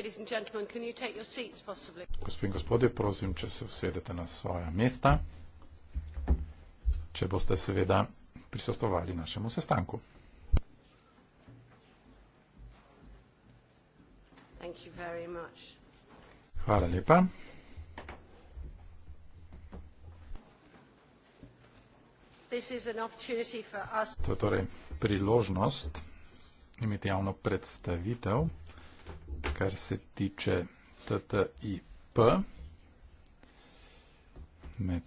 Ladies and gentlemen, can you take your seats, possibly? Gospod in gospodje, prosim, če se usedete na svoja mesta, če boste seveda prisostovali našemu sestanku. Thank you very much. Hvala lepa. This is an opportunity for us to torej priložnost imeti javno predstavitev kar se tiče TTIP med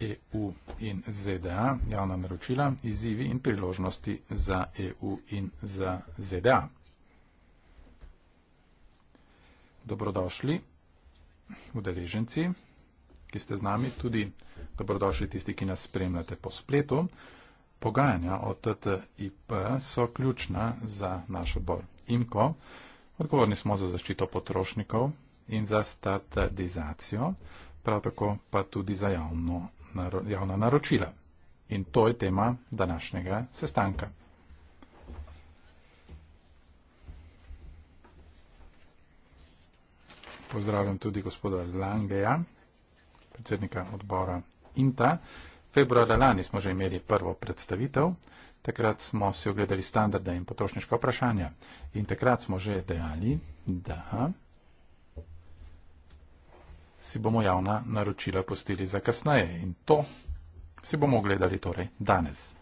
EU in ZDA, javna naročila, izzivi in priložnosti za EU in za ZDA. Dobrodošli, udeleženci, ki ste z nami, tudi dobrodošli tisti, ki nas spremljate po spletu. Pogajanja o TTIP so ključna za naš odbor. IMKO Odgovorni smo za zaščito potrošnikov in za statizacijo, prav tako pa tudi za javno, javna naročila. In to je tema današnjega sestanka. Pozdravljam tudi gospoda Langeja, predsednika odbora INTA. Februarja lani smo že imeli prvo predstavitev takrat smo si ogledali standarde in potrošniška vprašanja. In takrat smo že dejali, da si bomo javna naročila postili za kasneje. In to si bomo ogledali torej danes.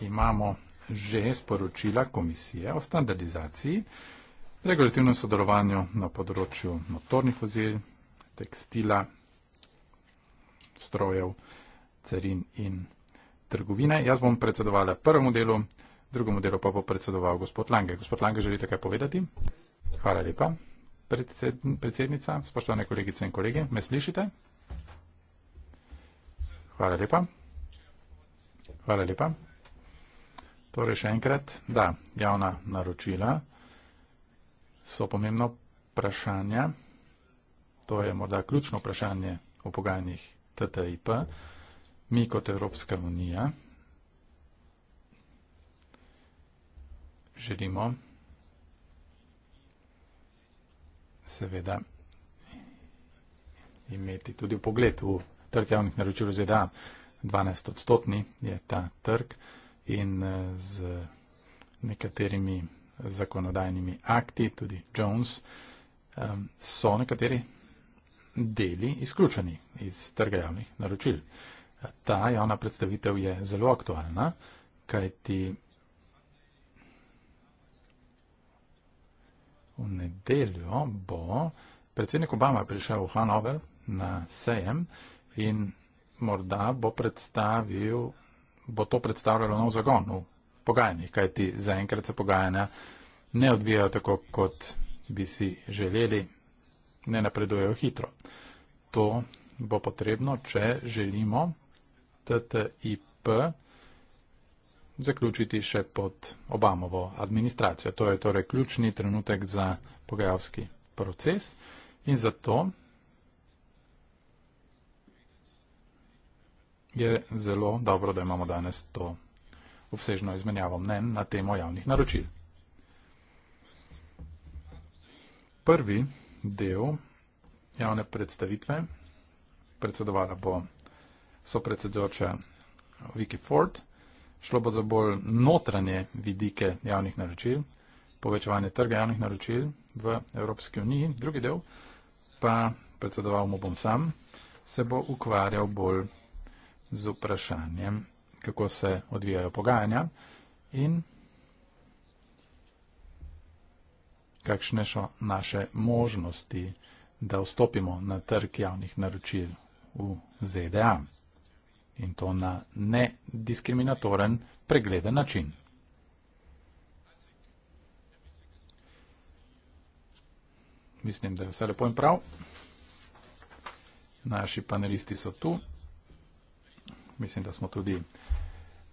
Imamo že sporočila komisije o standardizaciji, regulativnem sodelovanju na področju motornih vozil, tekstila, strojev, carin in trgovine. Jaz bom predsedovala prvemu delu, drugemu delu pa bo predsedoval gospod Lange. Gospod Lange, želite kaj povedati? Hvala lepa, Predsedn predsednica, spoštovane kolegice in kolege, me slišite? Hvala lepa. Hvala lepa. Torej še enkrat, da, javna naročila so pomembno vprašanje. To je morda ključno vprašanje o pogajanjih TTIP-a, mi kot Evropska unija želimo seveda imeti tudi pogled v trg javnih naročil ZDA. 12 odstotni je ta trg in eh, z nekaterimi zakonodajnimi akti, tudi Jones, eh, so nekateri deli izključeni iz trga javnih naročil. Ta javna predstavitev je zelo aktualna, kajti v nedeljo bo predsednik Obama prišel v Hanover na sejem in morda bo predstavil, bo to predstavljalo nov zagon v pogajanjih, kajti zaenkrat se pogajanja ne odvijajo tako, kot bi si želeli ne napredujejo hitro. To bo potrebno, če želimo TTIP zaključiti še pod Obamovo administracijo. To je torej ključni trenutek za pogajalski proces in zato je zelo dobro, da imamo danes to obsežno izmenjavo mnen na temo javnih naročil. Prvi del javne predstavitve. Predsedovala bo sopredsedoča Vicky Ford. Šlo bo za bolj notranje vidike javnih naročil, povečevanje trga javnih naročil v Evropski uniji. Drugi del pa predsedoval mu bom sam, se bo ukvarjal bolj z vprašanjem, kako se odvijajo pogajanja in kakšne so naše možnosti, da vstopimo na trg javnih naročil v ZDA in to na nediskriminatoren, pregleden način. Mislim, da je vse lepo in prav. Naši panelisti so tu. Mislim, da smo tudi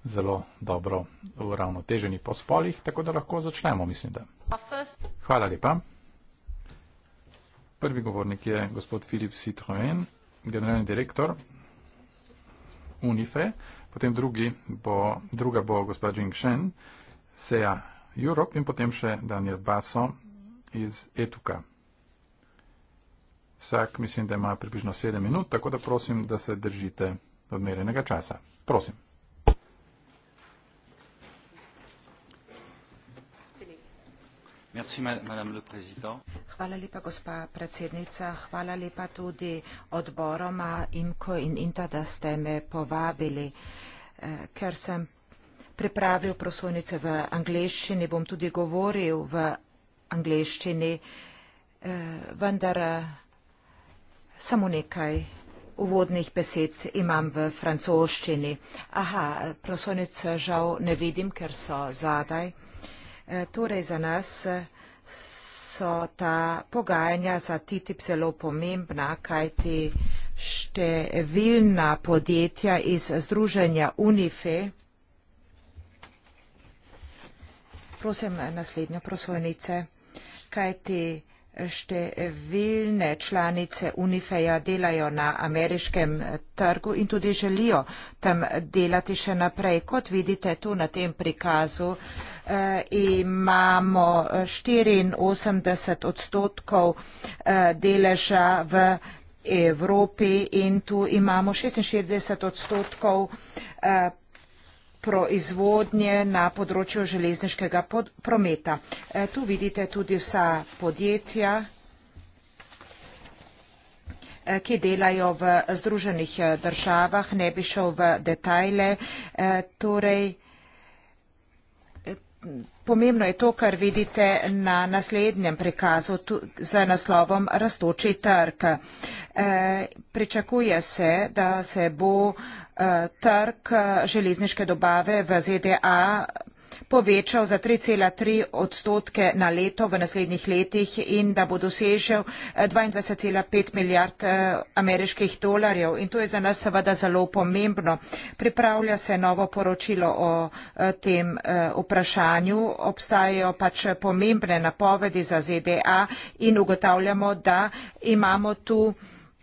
zelo dobro uravnoteženi po spolih, tako da lahko začnemo, mislim, da. Hvala lepa. Prvi govornik je gospod Filip Citroen, generalni direktor Unife, potem drugi bo, druga bo gospod Jing Shen, Seja Europe in potem še Daniel Basso iz Etuka. Vsak mislim, da ima približno sedem minut, tako da prosim, da se držite odmerenega časa. Prosim. Hvala lepa, gospa predsednica. Hvala lepa tudi odboroma IMKO in INTA, da ste me povabili, eh, ker sem pripravil prosojnice v angleščini, bom tudi govoril v angleščini, eh, vendar eh, samo nekaj uvodnih besed imam v francoščini. Aha, prosojnice žal ne vidim, ker so zadaj. Eh, torej za nas eh, so ta pogajanja za TTIP zelo pomembna, kajti številna podjetja iz Združenja Unife. Prosim, naslednjo prosojnice. Kajti številne članice Unifeja delajo na ameriškem trgu in tudi želijo tam delati še naprej. Kot vidite tu na tem prikazu, eh, imamo 84 odstotkov eh, deleža v Evropi in tu imamo 66 odstotkov eh, proizvodnje na področju železniškega pod, prometa. E, tu vidite tudi vsa podjetja, e, ki delajo v Združenih e, državah, ne bi šel v detajle. E, torej, e, Pomembno je to, kar vidite na naslednjem prikazu tu, za naslovom Rastoči trg. E, pričakuje se, da se bo e, Eh, trg eh, železniške dobave v ZDA povečal za 3,3 odstotke na leto v naslednjih letih in da bo dosežel 22,5 eh, milijard ameriških dolarjev. In to je za nas seveda zelo pomembno. Pripravlja se novo poročilo o tem vprašanju. Obstajajo pač pomembne napovedi za ZDA in ugotavljamo, da imamo tu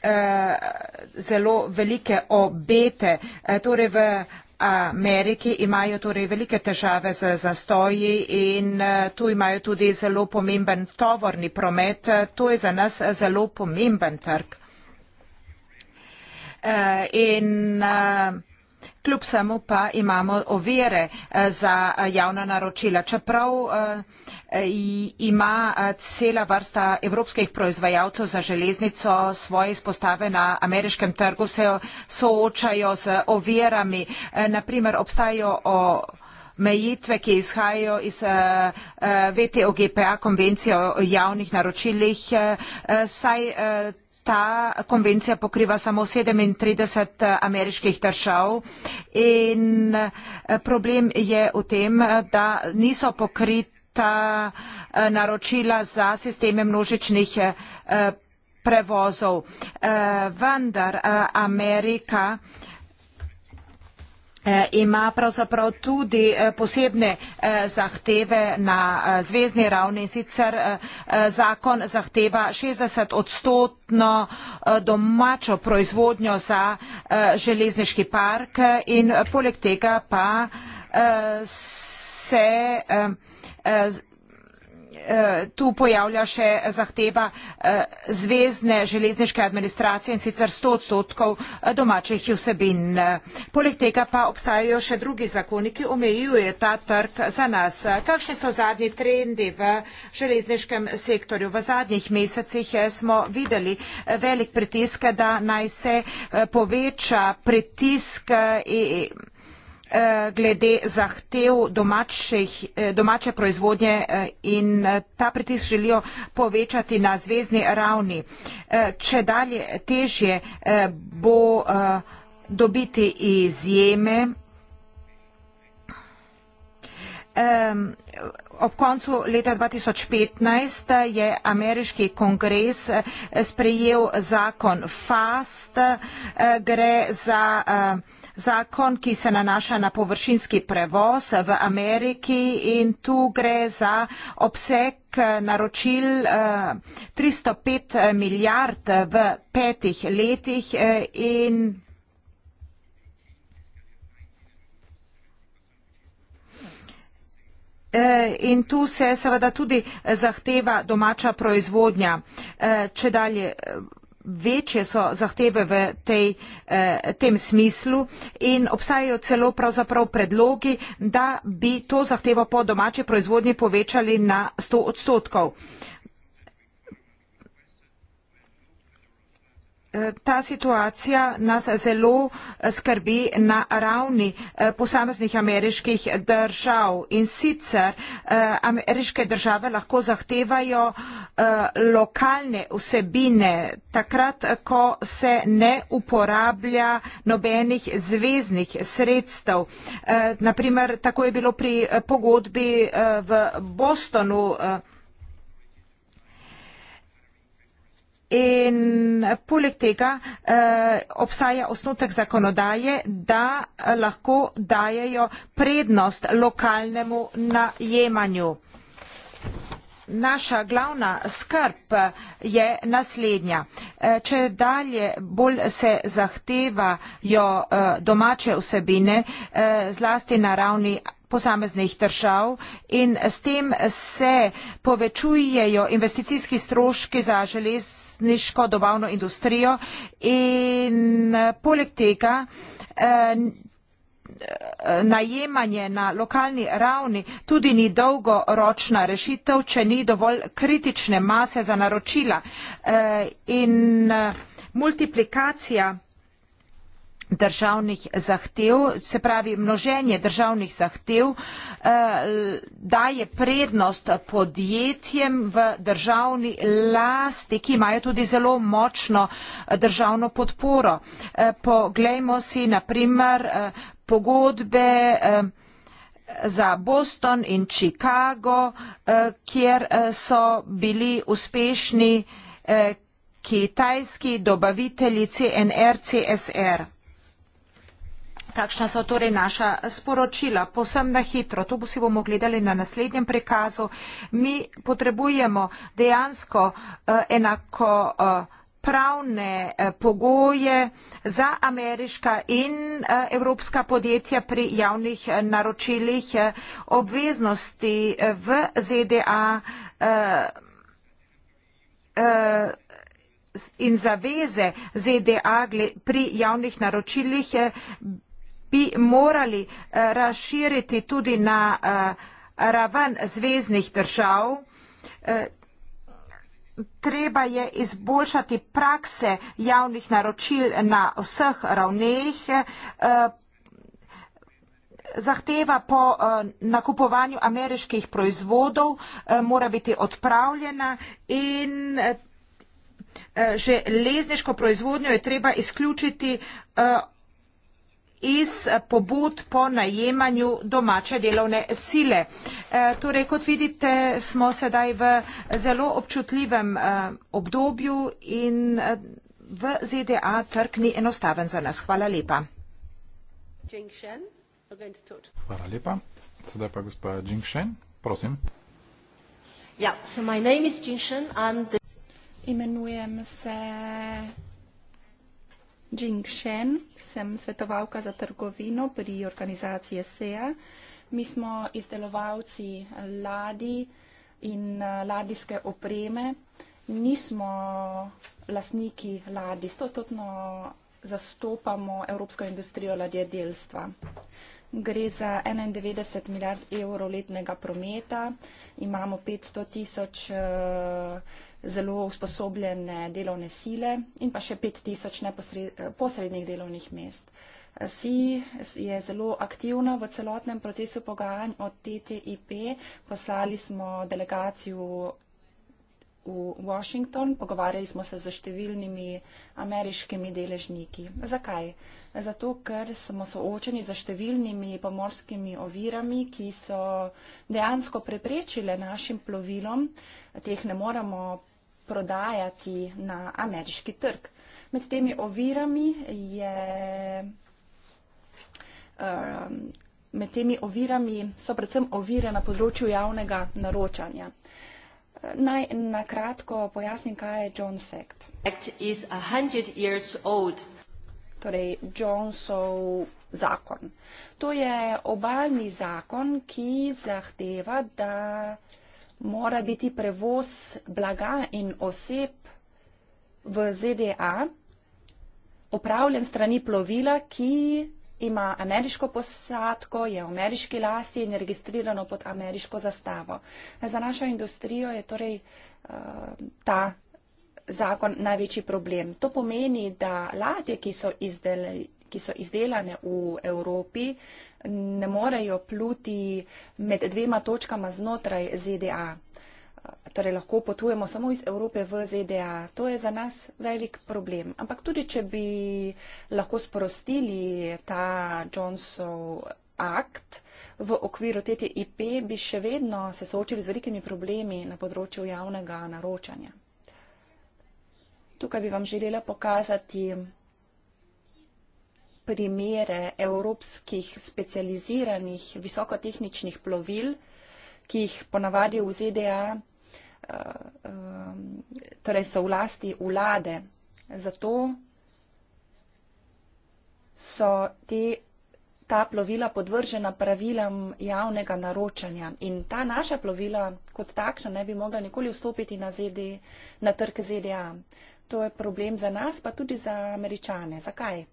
eh, zelo velike obete. Eh, torej v Ameriki imajo torej velike težave z zastoji in eh, tu imajo tudi zelo pomemben tovorni promet. Eh, to je za nas zelo pomemben trg. Eh, in, eh, Kljub vsemu pa imamo ovire eh, za eh, javna naročila. Čeprav eh, ima cela vrsta evropskih proizvajalcev za železnico svoje izpostave na ameriškem trgu, se soočajo z ovirami. Naprimer, obstajajo o mejitve, ki izhajajo iz VTO-GPA, konvencije o javnih naročilih, saj ta konvencija pokriva samo 37 eh, ameriških držav in eh, problem je v tem, da niso pokrita eh, naročila za sisteme množičnih prevozov. Vendar Amerika Eh, ima pravzaprav tudi eh, posebne eh, zahteve na zvezdni ravni. Sicer zakon zahteva 60 odstotno domačo proizvodnjo za železniški park in poleg tega pa se eh, tu pojavlja še zahteva eh, zvezdne železniške administracije in sicer 100 odstotkov eh, domačih vsebin. Poleg tega pa obstajajo še drugi zakoni, ki omejuje ta trg za nas. Kakšni so zadnji trendi v železniškem sektorju? V zadnjih mesecih eh, smo videli eh, velik pritisk, da naj se poveča pritisk. Eh, Eh, glede zahtev domačih, eh, domače proizvodnje eh, in ta pritisk želijo povečati na zvezdni ravni. Če dalje težje bo dobiti izjeme, Ob koncu leta 2015 je ameriški kongres sprejel zakon FAST, gre za uh, zakon, ki se nanaša na površinski prevoz v Ameriki in tu gre za obseg naročil 305 eh, milijard v petih letih eh, in eh, In tu se seveda tudi zahteva domača proizvodnja. Če dalje večje so zahteve v tej, eh, tem smislu in obstajajo celo pravzaprav predlogi, da bi to zahtevo po domači proizvodnji povečali na 100 odstotkov. Eh, ta situacija nas zelo eh, skrbi na ravni eh, posameznih ameriških držav in sicer eh, ameriške države lahko zahtevajo lokalne vsebine takrat, ko se ne uporablja nobenih zveznih sredstev. Naprimer, tako je bilo pri pogodbi v Bostonu, In poleg tega eh, obstaja osnutek zakonodaje, da lahko dajejo prednost lokalnemu najemanju. Naša glavna skrb je naslednja. Eh, če dalje bolj se zahtevajo eh, domače vsebine, eh, zlasti na ravni posameznih držav in s tem se povečujejo investicijski stroški za železniško dobavno industrijo in eh, poleg tega eh, najemanje na lokalni ravni tudi ni dolgoročna rešitev, če ni dovolj kritične mase za naročila eh, in multiplikacija državnih zahtev, se pravi množenje državnih zahtev eh, daje prednost podjetjem v državni lasti, ki imajo tudi zelo močno eh, državno podporo. Eh, poglejmo si naprimer pogodbe za Boston in Chicago, kjer so bili uspešni kitajski dobavitelji CNR, CSR kakšna so torej naša sporočila. Posem na hitro, to si bomo gledali na naslednjem prikazu. Mi potrebujemo dejansko uh, enako. Uh, pravne eh, pogoje za ameriška in evropska podjetja pri javnih naročilih, obveznosti v ZDA in zaveze ZDA pri javnih naročilih bi morali eh, razširiti tudi na eh, raven zvezdnih držav. Eh, treba je izboljšati prakse javnih naročil na vseh ravneh, zahteva po nakupovanju ameriških proizvodov mora biti odpravljena in železniško proizvodnjo je treba izključiti iz pobud po najemanju domače delovne sile. E, torej, kot vidite, smo sedaj v zelo občutljivem e, obdobju in e, v ZDA trg ni enostaven za nas. Hvala lepa. Hvala lepa. Sedaj pa gospa Jing Shen, prosim. Ja, so my name is Jing Shen, I'm the... Imenujem se... Jing Shen, sem svetovalka za trgovino pri organizaciji SEA. Mi smo izdelovalci ladi in eh, ladijske opreme. Nismo lastniki ladi, stotno zastopamo evropsko industrijo ladjedelstva gre za 91 milijard evrov letnega prometa, imamo 500 tisoč eh, zelo usposobljene delovne sile in pa še 5 tisoč posrednih delovnih mest. SI je zelo aktivna v celotnem procesu pogajanj od TTIP. Poslali smo delegacijo v Washington, pogovarjali smo se z številnimi ameriškimi deležniki. Zakaj? Zato, ker smo soočeni z številnimi pomorskimi ovirami, ki so dejansko preprečile našim plovilom, teh ne moremo prodajati na ameriški trg. Med temi ovirami je. Um, med temi ovirami so predvsem ovire na področju javnega naročanja. Naj na kratko pojasnim, kaj je Jones Act. Act is a hundred years old. Torej, Jonesov zakon. To je obalni zakon, ki zahteva, da mora biti prevoz blaga in oseb v ZDA opravljen strani plovila, ki ima ameriško posadko, je v ameriški lasti in je registrirano pod ameriško zastavo. Za našo industrijo je torej eh, ta zakon največji problem. To pomeni, da ladje, ki so izdelali ki so izdelane v Evropi, ne morejo pluti med dvema točkama znotraj ZDA. Uh, torej lahko potujemo samo iz Evrope v ZDA. To je za nas velik problem. Ampak tudi, če bi lahko sprostili ta Johnsonov akt v okviru TTIP, bi še vedno se soočili z velikimi problemi na področju javnega naročanja. Tukaj bi vam želela pokazati primere evropskih specializiranih visokotehničnih plovil, ki jih ponavadi v ZDA torej so v lasti vlade. Zato so te, ta plovila podvržena pravilam javnega naročanja. In ta naša plovila kot takšna ne bi mogla nikoli vstopiti na, ZD, na trg ZDA. To je problem za nas, pa tudi za američane. Zakaj?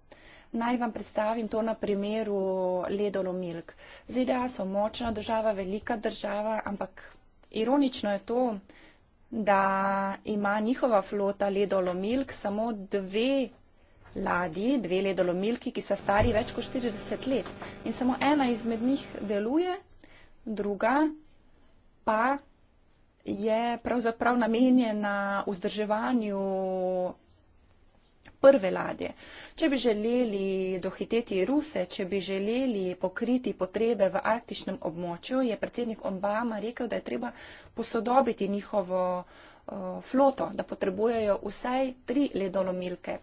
Naj vam predstavim to na primeru Ledolo Milk. ZDA so močna država, velika država, ampak ironično je to, da ima njihova flota ledolomilk samo dve ladji, dve ledolomilki, ki sta stari več kot 40 let. In samo ena izmed njih deluje, druga pa je pravzaprav namenjena vzdrževanju prve ladje. Če bi želeli dohiteti Ruse, če bi želeli pokriti potrebe v arktičnem območju, je predsednik Obama rekel, da je treba posodobiti njihovo eh, floto, da potrebujejo vsaj tri ledolomilke.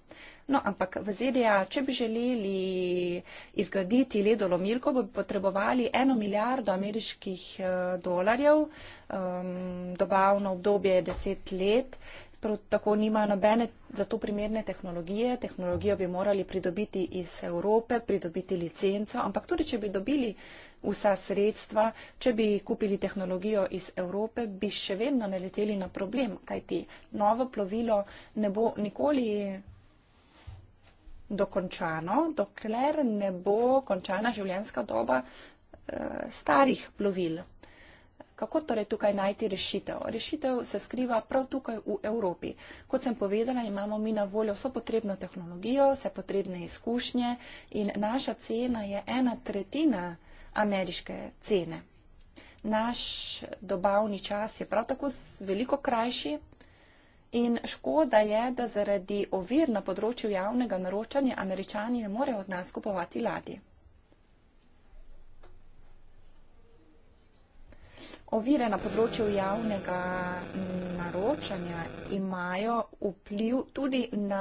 No, ampak v ZDA, če bi želeli izgraditi ledolomilko, bi potrebovali eno milijardo ameriških eh, dolarjev, um, dobavno obdobje je deset let, prav tako nimajo nobene za to primerne tehnologije. Tehnologijo bi morali pridobiti iz Evrope, pridobiti licenco, ampak tudi, če bi dobili vsa sredstva, če bi kupili tehnologijo iz Evrope, bi še vedno naleteli na problem, kajti novo plovilo ne bo nikoli dokončano, dokler ne bo končana življenjska doba eh, starih plovil. Kako torej tukaj najti rešitev? Rešitev se skriva prav tukaj v Evropi. Kot sem povedala, imamo mi na voljo vso potrebno tehnologijo, vse potrebne izkušnje in naša cena je ena tretjina ameriške cene. Naš dobavni čas je prav tako veliko krajši in škoda je, da zaradi ovir na področju javnega naročanja američani ne morejo od nas kupovati ladje. Ovire na področju javnega naročanja imajo vpliv tudi na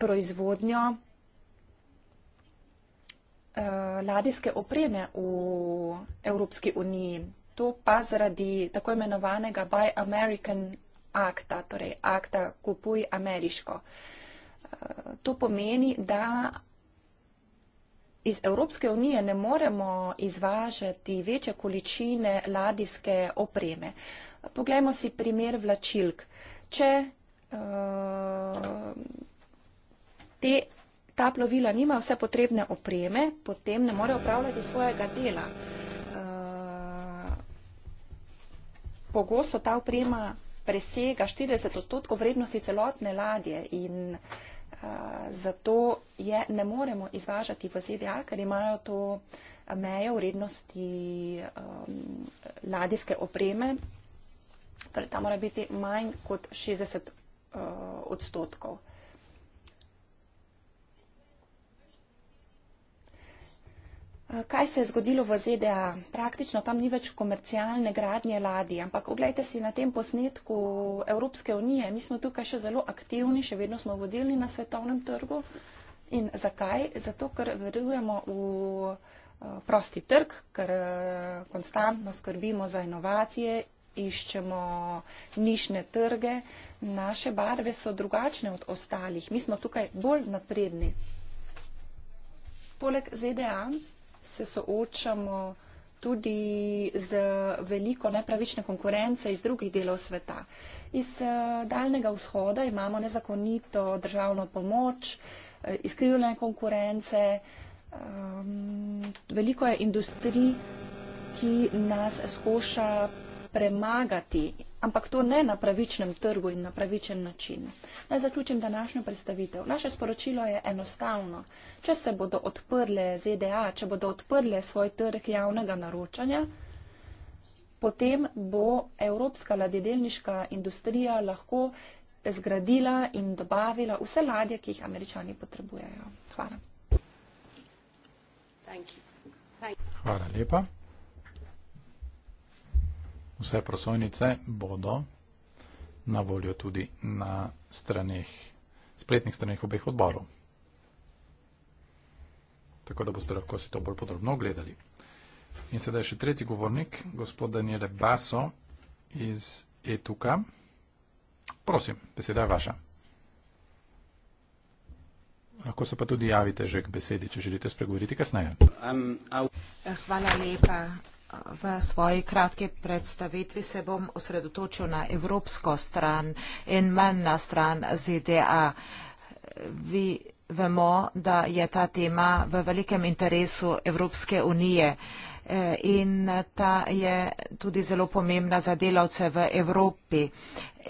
proizvodnjo eh, ladijske opreme v Evropski uniji. To pa zaradi tako imenovanega Buy American akta, torej akta Kupuj ameriško. Eh, to pomeni, da iz Evropske unije ne moremo izvažati večje količine ladijske opreme. Poglejmo si primer vlačilk. Če uh, te, ta plovila nima vse potrebne opreme, potem ne more upravljati svojega dela. Eh, pogosto ta oprema presega 40 odstotkov vrednosti celotne ladje in uh, Eh, zato je ne moremo izvažati v ZDA, ker imajo to mejo vrednosti um, ladijske opreme. Torej, ta mora biti manj kot 60 uh, eh, odstotkov. Eh, kaj se je zgodilo v ZDA? Praktično tam ni več komercialne gradnje ladij, ampak oglejte si na tem posnetku Evropske unije, mi smo tukaj še zelo aktivni, še vedno smo vodilni na svetovnem trgu. In zakaj? Zato, ker verujemo v eh, prosti trg, ker eh, konstantno skrbimo za inovacije, iščemo nišne trge, naše barve so drugačne od ostalih, mi smo tukaj bolj napredni. Poleg ZDA se soočamo tudi z veliko nepravične konkurence iz drugih delov sveta. Iz eh, daljnega vzhoda imamo nezakonito državno pomoč, eh, izkrivljene konkurence, ehm, veliko je industrij, ki nas skuša premagati ampak to ne na pravičnem trgu in na pravičen način. Naj zaključim današnjo predstavitev. Naše sporočilo je enostavno. Če se bodo odprle ZDA, če bodo odprle svoj trg javnega naročanja, potem bo evropska ladjedelniška industrija lahko zgradila in dobavila vse ladje, ki jih američani potrebujejo. Hvala. Thank you. Thank you. Hvala lepa. Vse prosojnice bodo na voljo tudi na stranih, spletnih straneh obeh odborov. Tako da boste lahko si to bolj podrobno ogledali. In sedaj še tretji govornik, gospod Daniele Baso iz Etuka. Prosim, beseda je vaša. Lahko se pa tudi javite že k besedi, če želite spregovoriti kasneje. Um, Hvala lepa V svoji kratki predstavitvi se bom osredotočil na evropsko stran in manj na stran ZDA. Vi vemo, da je ta tema v velikem interesu Evropske unije eh, in ta je tudi zelo pomembna za delavce v Evropi.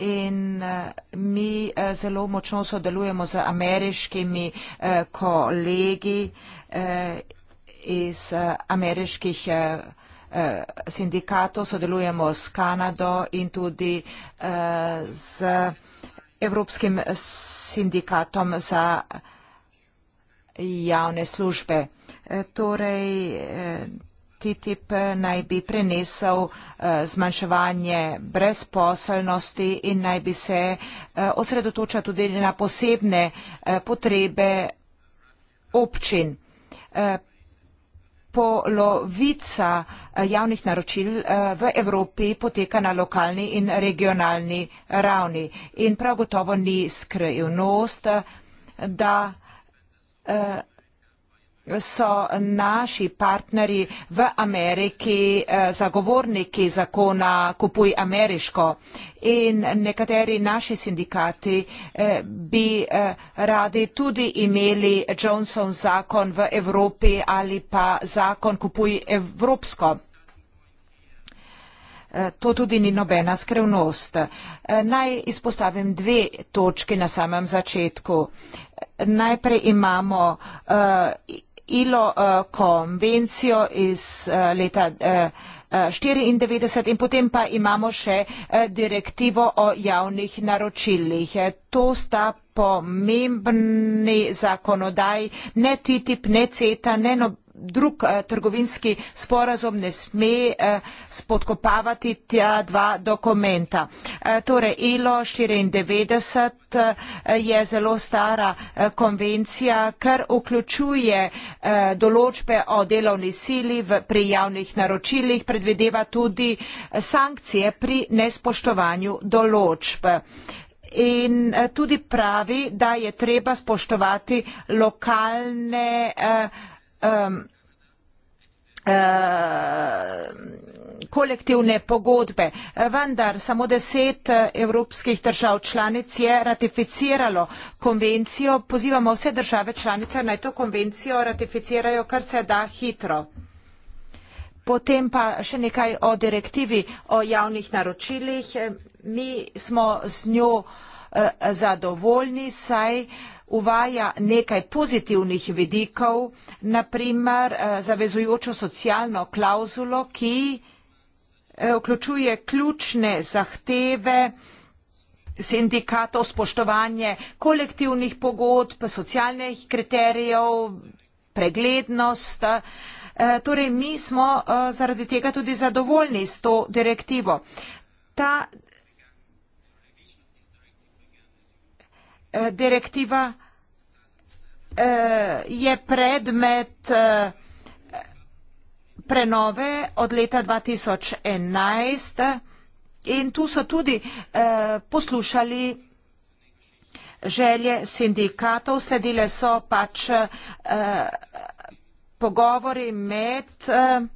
In eh, mi eh, zelo močno sodelujemo z ameriškimi kolegi iz ameriških kolegov Eh, sindikatov, sodelujemo s Kanado in tudi eh, z Evropskim sindikatom za javne službe. Eh, torej, TTIP naj bi prenesel zmanjševanje brezposelnosti in naj bi se osredotočal tudi na posebne potrebe občin polovica eh, javnih naročil eh, v Evropi poteka na lokalni in regionalni ravni. In prav gotovo ni skrivnost, da eh, so naši partnerji v Ameriki eh, zagovorniki zakona Kupuj ameriško in nekateri naši sindikati eh, bi eh, radi tudi imeli Johnson zakon v Evropi ali pa zakon Kupuj evropsko. To tudi ni nobena skrivnost. Naj izpostavim dve točke na samem začetku. Najprej imamo ILO uh, konvencijo iz uh, leta uh, eh, 94 in potem pa imamo še direktivo o javnih naročilih. To sta pomembni zakonodaj, ne TTIP, ne CETA, ne nobene drug eh, trgovinski sporazum ne sme eh, spodkopavati tja dva dokumenta. Eh, torej ILO 94 je zelo stara konvencija, ker vključuje določbe o delovni sili pri javnih naročilih, predvideva tudi sankcije pri nespoštovanju določb. In tudi pravi, da je treba spoštovati lokalne eh, um, uh, kolektivne pogodbe. Vendar samo deset uh, evropskih držav članic je ratificiralo konvencijo. Pozivamo vse države članice naj to konvencijo ratificirajo, kar se da hitro. Potem pa še nekaj o direktivi o javnih naročilih. Mi smo z njo uh, zadovoljni, saj uvaja nekaj pozitivnih vidikov, naprimer eh, zavezujočo socialno klauzulo, ki eh, vključuje ključne zahteve sindikatov, spoštovanje kolektivnih pogodb, socialnih kriterijev, preglednost. Eh, torej, mi smo zaradi tega tudi zadovoljni s to direktivo. Ta Eh, direktiva eh, je predmet eh, prenove od leta 2011 in tu so tudi poslušali želje sindikatov, sledile so pač pogovori med direktivami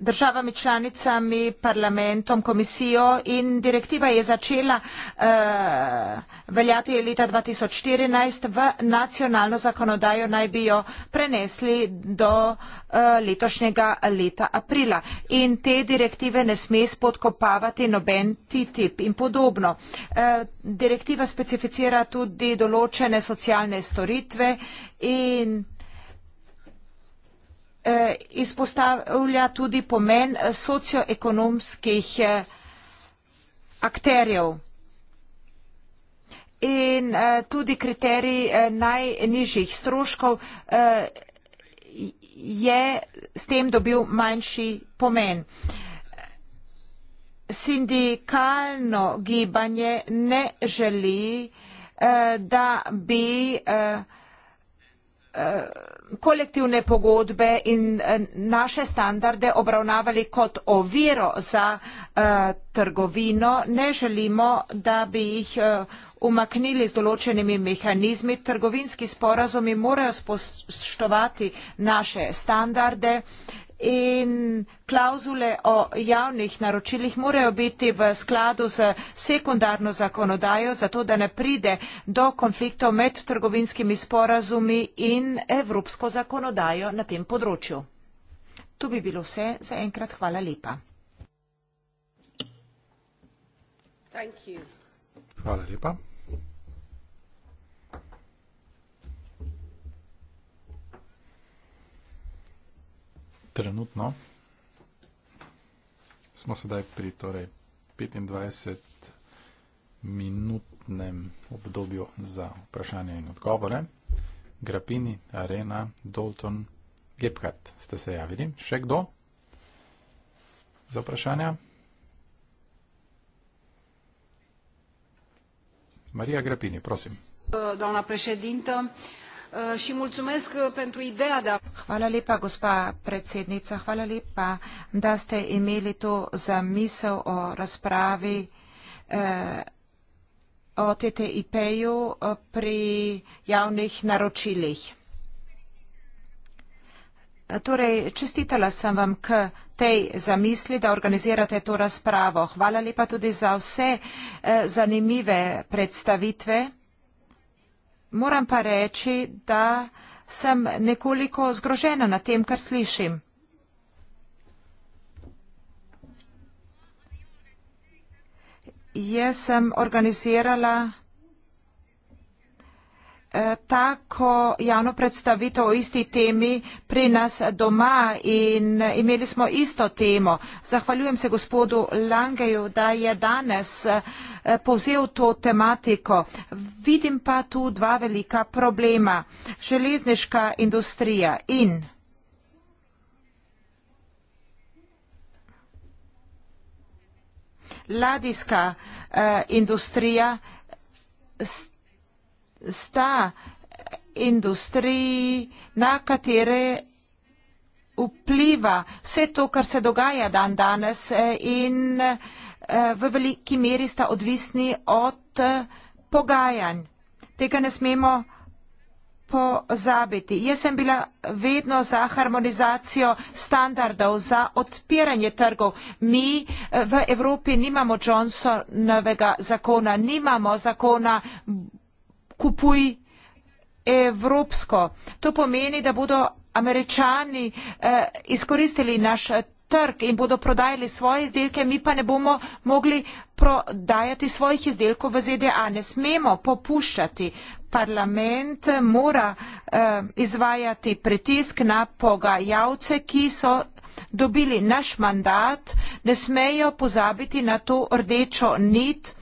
državami članicami, parlamentom, komisijo in direktiva je začela uh, veljati leta 2014, v nacionalno zakonodajo naj bi jo prenesli do uh, letošnjega leta aprila. In te direktive ne sme spodkopavati noben TTIP in podobno. Uh, direktiva specificira tudi določene socialne storitve in Eh, izpostavlja tudi pomen socioekonomskih eh, akterjev in eh, tudi kriterij najnižjih stroškov je s tem dobil manjši pomen. Sindikalno gibanje ne želi, da bi kolektivne pogodbe in eh, naše standarde obravnavali kot oviro za eh, trgovino ne želimo da bi jih eh, umaknili z določenimi mehanizmi trgovinski sporazumi morajo spoštovati naše standarde in klauzule o javnih naročilih morajo biti v skladu z sekundarno zakonodajo, zato da ne pride do konfliktov med trgovinskimi sporazumi in evropsko zakonodajo na tem področju. To bi bilo vse za enkrat. Hvala lepa. Thank you. Hvala lepa. trenutno. Smo sedaj pri torej, 25-minutnem obdobju za vprašanje in odgovore. Grapini, Arena, Dalton, Gephardt ste se javili. Še kdo za vprašanja? Marija Grapini, prosim. Dona prešedinta. Uh, Eh, eh, Hvala lepa, gospa predsednica. Hvala lepa, da ste imeli to za misel o razpravi eh, o TTIP-ju eh, pri javnih naročilih. Torej, čestitala sem vam k tej zamisli, da organizirate to razpravo. Hvala lepa tudi za vse eh, zanimive predstavitve moram pa reči, da sem nekoliko zgrožena na tem, kar slišim. Jaz sem organizirala tako javno predstavitev o isti temi pri nas doma in imeli smo isto temo. Zahvaljujem se gospodu Langeju, da je danes eh, povzel to tematiko. Vidim pa tu dva velika problema. Železniška industrija in ladijska eh, industrija sta industriji, na katere vpliva vse to, kar se dogaja dan danes eh, in eh, v veliki meri sta odvisni od eh, pogajanj. Tega ne smemo pozabiti. Jaz sem bila vedno za harmonizacijo standardov, za odpiranje trgov. Mi v Evropi nimamo Johnsonovega zakona, nimamo zakona kupuj evropsko. To pomeni, da bodo američani eh, izkoristili naš eh, trg in bodo prodajali svoje izdelke, mi pa ne bomo mogli prodajati svojih izdelkov v ZDA. Ne smemo popuščati. Parlament mora eh, izvajati pritisk na pogajalce, ki so dobili naš mandat, ne smejo pozabiti na to rdečo nit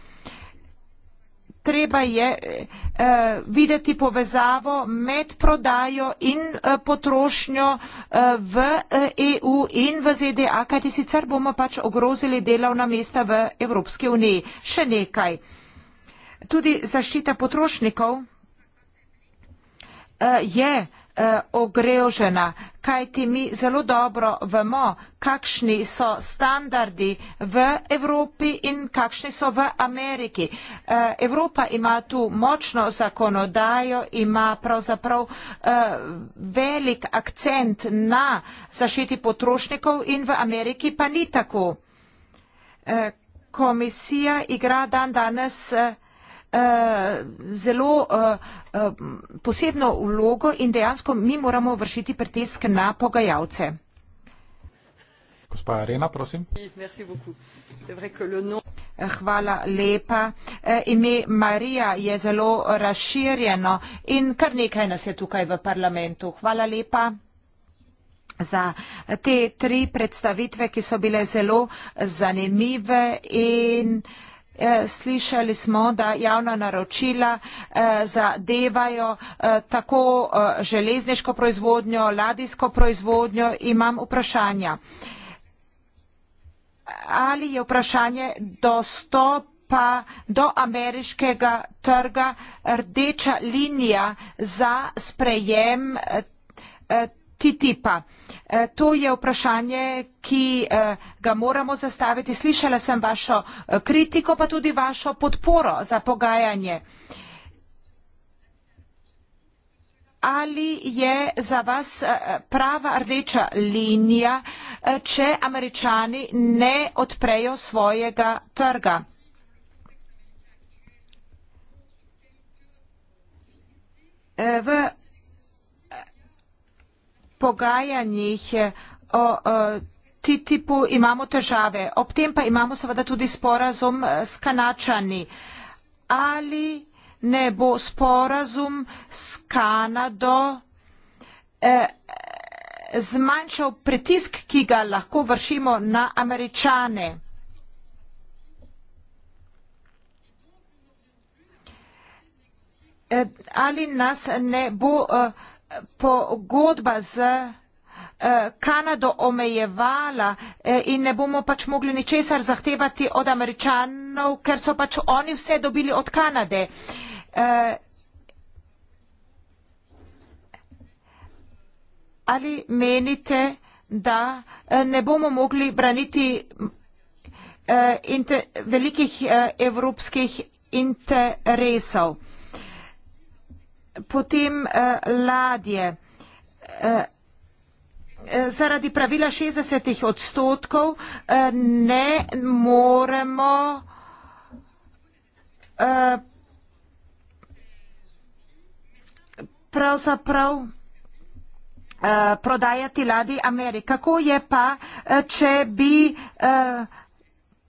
treba je uh, videti povezavo med prodajo in uh, potrošnjo uh, v EU e in v ZDA, kajti sicer bomo pač ogrozili delovna mesta v Evropski uniji. Še nekaj. Tudi zaščita potrošnikov uh, je uh, eh, ogrožena, kajti mi zelo dobro vemo, kakšni so standardi v Evropi in kakšni so v Ameriki. Eh, Evropa ima tu močno zakonodajo, ima pravzaprav eh, velik akcent na zaščiti potrošnikov in v Ameriki pa ni tako. Eh, komisija igra dan danes. Eh, Eh, zelo eh, eh, posebno vlogo in dejansko mi moramo vršiti pritisk na pogajalce. Gospa Arena, prosim. Hvala lepa. Ime Marija je zelo razširjeno in kar nekaj nas je tukaj v parlamentu. Hvala lepa za te tri predstavitve, ki so bile zelo zanimive in uh, Eh, slišali smo, da javna naročila eh, zadevajo eh, tako železniško proizvodnjo, ladijsko proizvodnjo. Imam vprašanja. Ali je vprašanje dostopa do ameriškega trga rdeča linija za sprejem TTIP-a. E, to je vprašanje, ki e, ga moramo zastaviti. Slišala sem vašo e, kritiko, pa tudi vašo podporo za pogajanje. Ali je za vas prava rdeča linija, če američani ne odprejo svojega trga? V pogajanjih eh, o eh, TTIP-u imamo težave. Ob tem pa imamo seveda tudi sporazum eh, s Kanačani. Ali ne bo sporazum s Kanado zmanjšal pritisk, ki ga lahko vršimo na američane? Ali nas ne bo pogodba z eh, Kanado omejevala eh, in ne bomo pač mogli ničesar zahtevati od američanov, ker so pač oni vse dobili od Kanade. Eh, ali menite, da ne bomo mogli braniti velikih evropskih interesov? potem eh, ladje. Eh, eh Zaradi pravila 60 odstotkov eh, ne moremo eh, pravzaprav prodajati ladi Ameriki. Kako je pa, če bi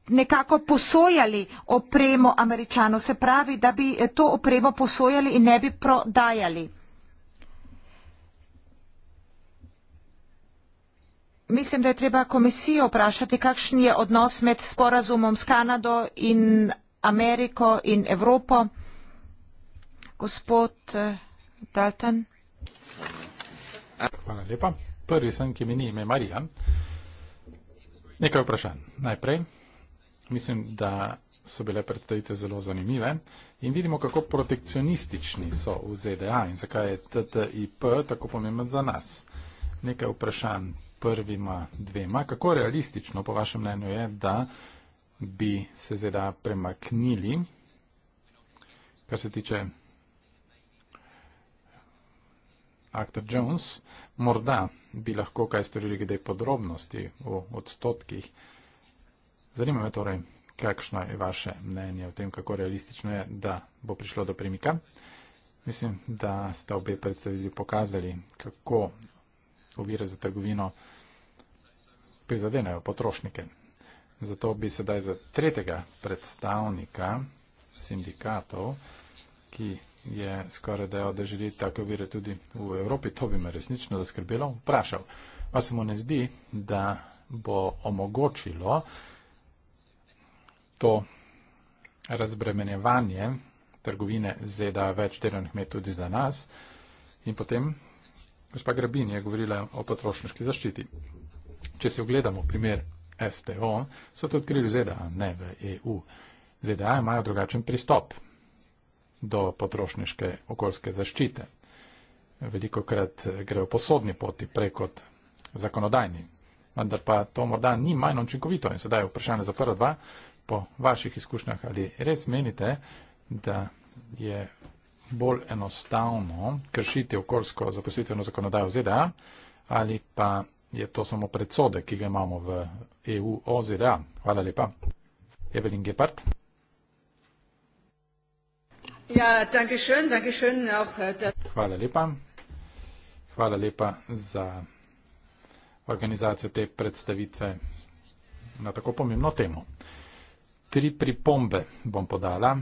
nekako posojali opremo američano, se pravi, da bi to opremo posojali in ne bi prodajali. Mislim, da je treba komisijo vprašati, kakšen je odnos med sporazumom s Kanado in Ameriko in Evropo. Gospod eh, Dalton. Hvala lepa. Prvi sem, ki mi ni ime Marijan. Nekaj vprašanj. Najprej. Mislim, da so bile predstavitve zelo zanimive in vidimo, kako protekcionistični so v ZDA in zakaj je TTIP tako pomemben za nas. Nekaj vprašanj prvima dvema. Kako realistično, po vašem mnenju, je, da bi se ZDA premaknili, kar se tiče Actor Jones, morda bi lahko kaj storili glede podrobnosti v odstotkih. Zanima me torej, kakšno je vaše mnenje o tem, kako realistično je, da bo prišlo do premika. Mislim, da sta obe predstavitvi pokazali, kako ovire za trgovino prizadenajo potrošnike. Zato bi sedaj za tretjega predstavnika sindikatov, ki je skoraj dejal, da želi tako vire tudi v Evropi, to bi me resnično zaskrbelo, vprašal. Vas se mu ne zdi, da bo omogočilo, to razbremenjevanje trgovine ZDA več delovnih met tudi za nas. In potem gospa Grabin je govorila o potrošniški zaščiti. Če si ogledamo primer STO, so to odkrili v ZDA, ne v EU. ZDA imajo drugačen pristop do potrošniške okoljske zaščite. Veliko krat grejo po sodni poti prej kot zakonodajni. Vendar pa to morda ni manj učinkovito. In sedaj vprašanje za prva dva po vaših izkušnjah, ali res menite, da je bolj enostavno kršiti okoljsko zaposlitveno zakonodajo v ZDA, ali pa je to samo predsode, ki ga imamo v EU o ZDA. Hvala lepa. Evelyn Gepard. Ja, danke schön, danke schön auch, äh, Hvala lepa. Hvala lepa za organizacijo te predstavitve na tako pomembno temo. Tri pripombe bom podala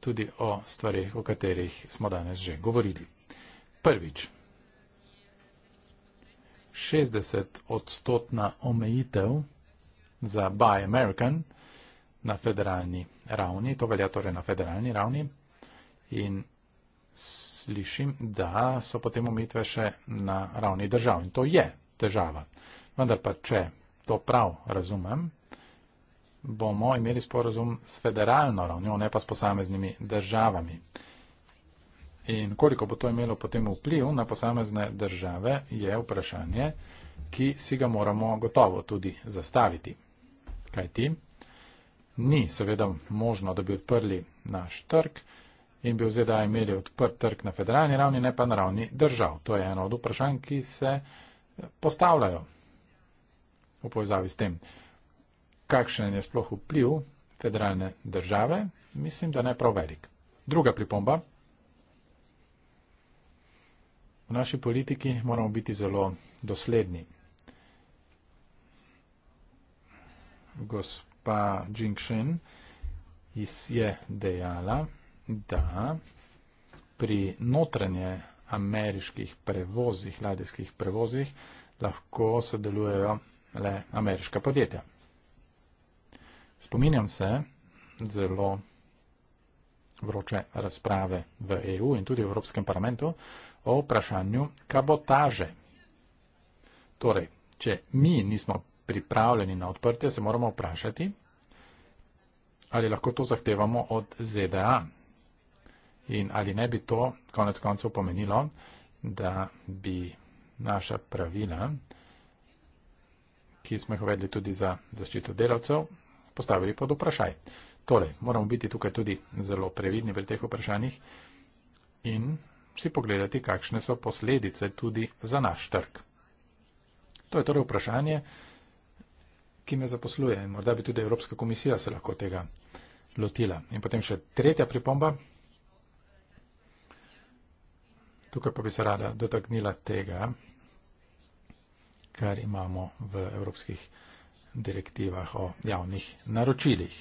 tudi o stvarih, o katerih smo danes že govorili. Prvič, 60 odstotna omejitev za Buy American na federalni ravni, to velja torej na federalni ravni in slišim, da so potem omejitve še na ravni držav in to je težava. Vendar pa, če to prav razumem, bomo imeli sporozum s federalno ravnjo, ne pa s posameznimi državami. In koliko bo to imelo potem vpliv na posamezne države, je vprašanje, ki si ga moramo gotovo tudi zastaviti. Kaj ti? Ni seveda možno, da bi odprli naš trg in bi v ZDA imeli odprt trg na federalni ravni, ne pa na ravni držav. To je eno od vprašanj, ki se postavljajo v povezavi s tem kakšen je sploh vpliv federalne države, mislim, da ne prav velik. Druga pripomba. V naši politiki moramo biti zelo dosledni. Gospa Jingxin je dejala, da pri notranje ameriških prevozih, ladijskih prevozih, lahko sodelujejo le ameriška podjetja. Spominjam se zelo vroče razprave v EU in tudi v Evropskem parlamentu o vprašanju kabotaže. Torej, če mi nismo pripravljeni na odprtje, se moramo vprašati, ali lahko to zahtevamo od ZDA in ali ne bi to konec koncev pomenilo, da bi naša pravila, ki smo jih uvedli tudi za zaščito delavcev, postavili pod vprašaj. Torej, moramo biti tukaj tudi zelo previdni pri teh vprašanjih in si pogledati, kakšne so posledice tudi za naš trg. To je torej vprašanje, ki me zaposluje in morda bi tudi Evropska komisija se lahko tega lotila. In potem še tretja pripomba. Tukaj pa bi se rada dotaknila tega, kar imamo v evropskih komisijah direktivah o javnih naročilih.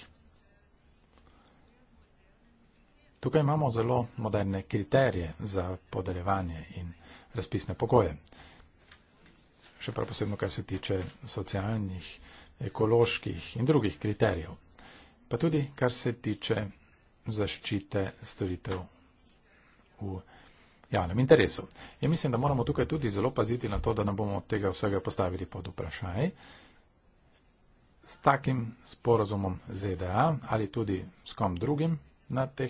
Tukaj imamo zelo moderne kriterije za podeljevanje in razpisne pogoje. Še prav posebno, kar se tiče socialnih, ekoloških in drugih kriterijev. Pa tudi, kar se tiče zaščite storitev v javnem interesu. In mislim, da moramo tukaj tudi zelo paziti na to, da ne bomo tega vsega postavili pod vprašaj s takim sporazumom ZDA ali tudi s kom drugim na teh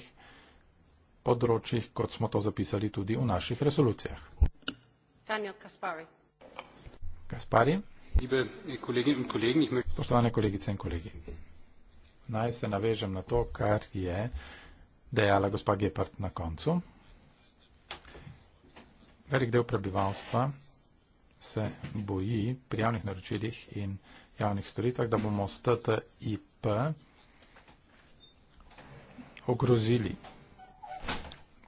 področjih, kot smo to zapisali tudi v naših resolucijah. Daniel Kaspari. Kaspari. Eh, Spoštovane kolegice in kolegi, naj se navežem na to, kar je dejala gospa Gepard na koncu. Velik del prebivalstva se boji pri javnih naročilih in javnih storitvah, da bomo s TTIP ogrozili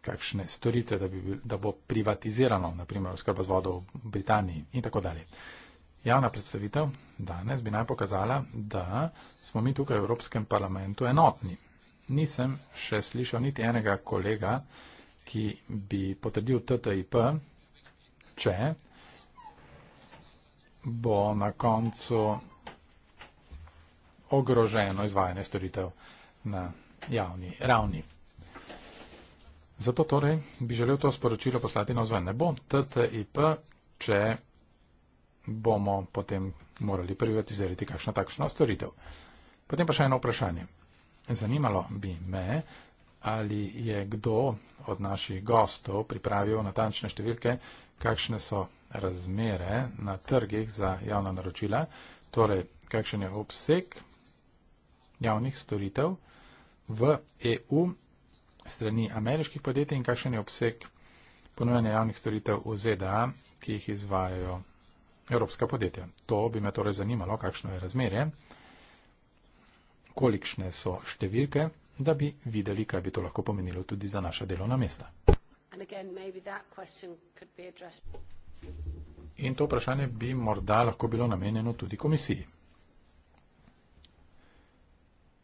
kakšne storitve, da, bi, da bo privatizirano, naprimer, skrba z vodo v Britaniji in tako dalje. Javna predstavitev danes bi naj pokazala, da smo mi tukaj v Evropskem parlamentu enotni. Nisem še slišal niti enega kolega, ki bi potrdil TTIP, če bo na koncu ogroženo izvajanje storitev na javni ravni. Zato torej bi želel to sporočilo poslati na zven nebo TTIP, če bomo potem morali privatizirati kakšno takšno storitev. Potem pa še eno vprašanje. Zanimalo bi me, ali je kdo od naših gostov pripravil natančne številke, kakšne so razmere na trgih za javna naročila, torej kakšen je obseg javnih storitev v EU strani ameriških podjetij in kakšen je obseg ponujanja javnih storitev v ZDA, ki jih izvajajo evropska podjetja. To bi me torej zanimalo, kakšno je razmerje, kolikšne so številke, da bi videli, kaj bi to lahko pomenilo tudi za naša delovna mesta. In to vprašanje bi morda lahko bilo namenjeno tudi komisiji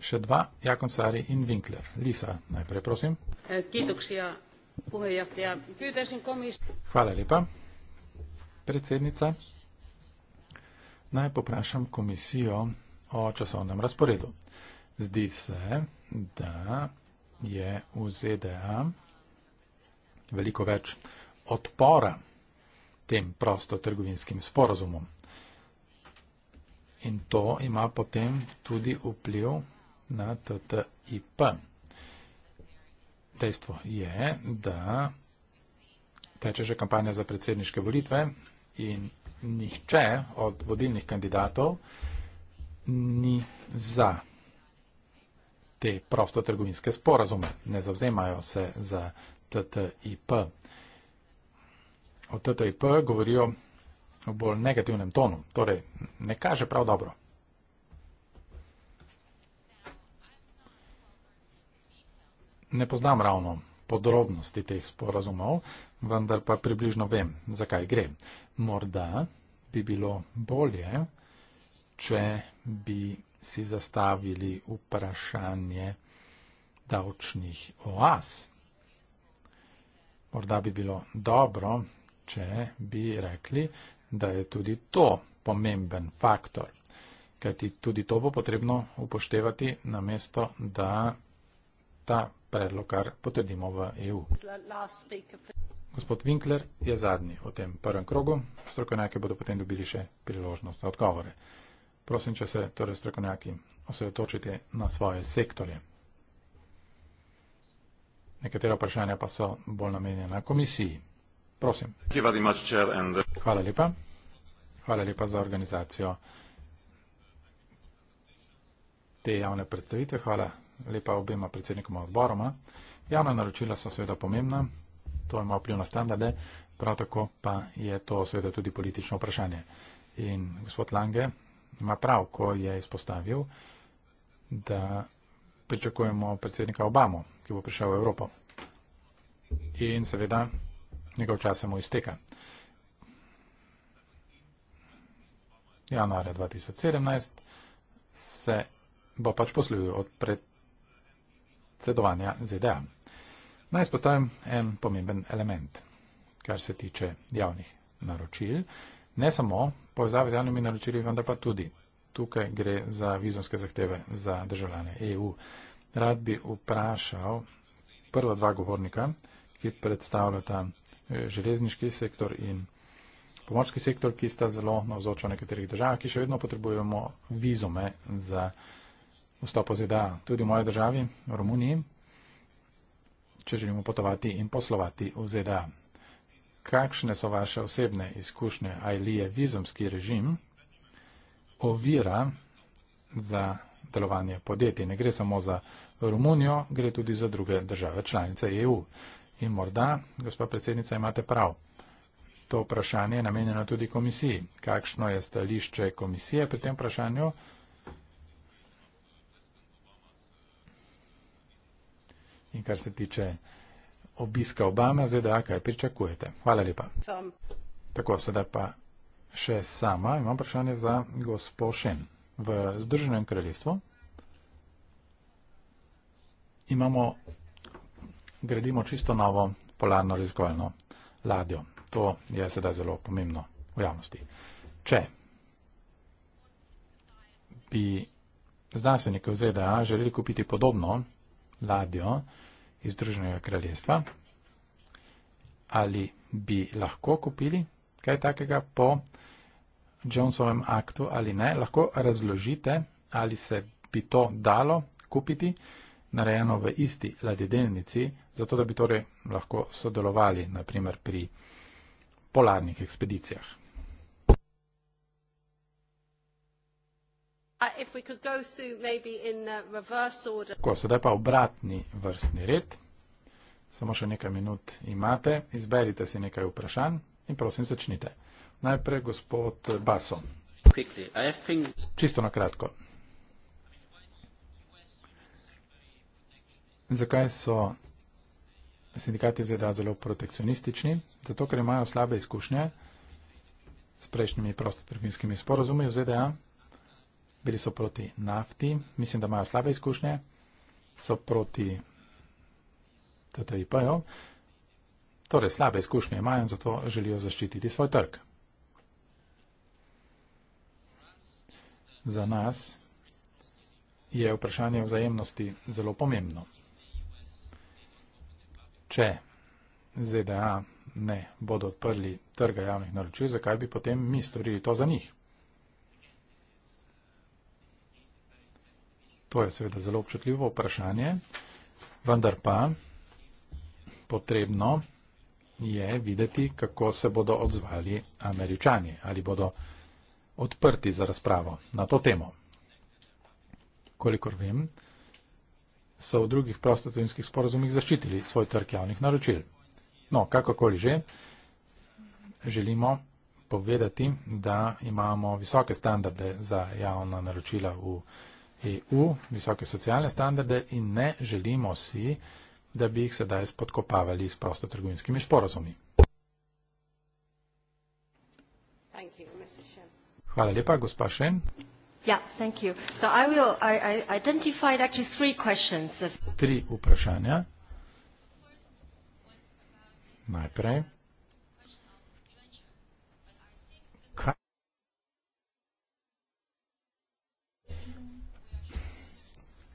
še dva, Jakon Sari in Winkler. Lisa, najprej prosim. Eh, Hvala lepa. Predsednica, naj poprašam komisijo o časovnem razporedu. Zdi se, da je v ZDA veliko več odpora tem prostotrgovinskim sporozumom. In to ima potem tudi vpliv na TTIP. Dejstvo je, da teče že kampanja za predsedniške volitve in nihče od vodilnih kandidatov ni za te prostotrgovinske sporazume. Ne zavzemajo se za TTIP. O TTIP govorijo v bolj negativnem tonu. Torej, ne kaže prav dobro. ne poznam ravno podrobnosti teh sporazumov, vendar pa približno vem, zakaj gre. Morda bi bilo bolje, če bi si zastavili vprašanje davčnih oaz. Morda bi bilo dobro, če bi rekli, da je tudi to pomemben faktor, kajti tudi to bo potrebno upoštevati na mesto, da ta predlog, kar potrdimo v EU. Gospod Winkler je zadnji v tem prvem krogu, strokovnjaki bodo potem dobili še priložnost za odgovore. Prosim, če se torej strokovnjaki osredotočite na svoje sektorje. Nekatera vprašanja pa so bolj namenjena komisiji. Prosim. Uh, Hvala lepa. Hvala lepa za organizacijo te javne predstavitve. Hvala lepa obema predsednikoma odboroma. Javna naročila so seveda pomembna, to ima vpliv na standarde, prav tako pa je to seveda tudi politično vprašanje. In gospod Lange ima prav, ko je izpostavil, da pričakujemo predsednika Obamo, ki bo prišel v Evropo. In seveda njegov čas se mu izteka. Januarja 2017 se bo pač poslovil od predsednika predsedovanja ZDA. Naj spostavim en pomemben element, kar se tiče javnih naročil. Ne samo povezave z javnimi naročili, vendar pa tudi tukaj gre za vizumske zahteve za državljane EU. Rad bi vprašal prva dva govornika, ki predstavljata eh, železniški sektor in pomorski sektor, ki sta zelo navzočo v nekaterih državah, ki še vedno potrebujemo vizume za državljane vstopu zida tudi v moji državi, v Romuniji, če želimo potovati in poslovati v ZDA. Kakšne so vaše osebne izkušnje, ali je vizumski režim ovira za delovanje podjetij? Ne gre samo za Romunijo, gre tudi za druge države članice EU. In morda, gospa predsednica, imate prav. To vprašanje je namenjeno tudi komisiji. Kakšno je stališče komisije pri tem vprašanju? in kar se tiče obiska Obama, ZDA, kaj pričakujete. Hvala lepa. Sam. Tako, sedaj pa še sama imam vprašanje za gospo Šen. V Združenem kraljestvu imamo, gradimo čisto novo polarno raziskovalno ladjo. To je sedaj zelo pomembno v javnosti. Če bi znanstvenike v ZDA želeli kupiti podobno ladjo iz Združenega kraljestva, ali bi lahko kupili kaj takega po Jonesovem aktu ali ne, lahko razložite, ali se bi to dalo kupiti, narejeno v isti ladjedelnici, zato da bi torej lahko sodelovali, naprimer pri polarnih ekspedicijah. we could go through maybe in the uh, reverse order. Tako, sedaj pa obratni vrstni red. Samo še nekaj minut imate, izberite si nekaj vprašanj in prosim začnite. Najprej gospod Baso. Čisto na kratko. Zakaj so sindikati v ZDA zelo protekcionistični? Zato, ker imajo slabe izkušnje s prejšnjimi prostotrhinskimi sporozumi v ZDA Bili so proti nafti, mislim, da imajo slabe izkušnje, so proti TTIP-ju, torej slabe izkušnje imajo in zato želijo zaščititi svoj trg. Za nas je vprašanje vzajemnosti zelo pomembno. Če ZDA ne bodo odprli trga javnih naročil, zakaj bi potem mi storili to za njih? To je seveda zelo občutljivo vprašanje, vendar pa potrebno je videti, kako se bodo odzvali američani, ali bodo odprti za razpravo na to temo. Kolikor vem, so v drugih prostotovinskih sporozumih zaščitili svoj trg javnih naročil. No, kakokoli že, želimo povedati, da imamo visoke standarde za javna naročila v Evropi EU, visoke socialne standarde in ne želimo si, da bi jih sedaj spodkopavali s prostotrgovinskimi sporazumi. Hvala lepa, gospa Šen. Tri vprašanja. Najprej.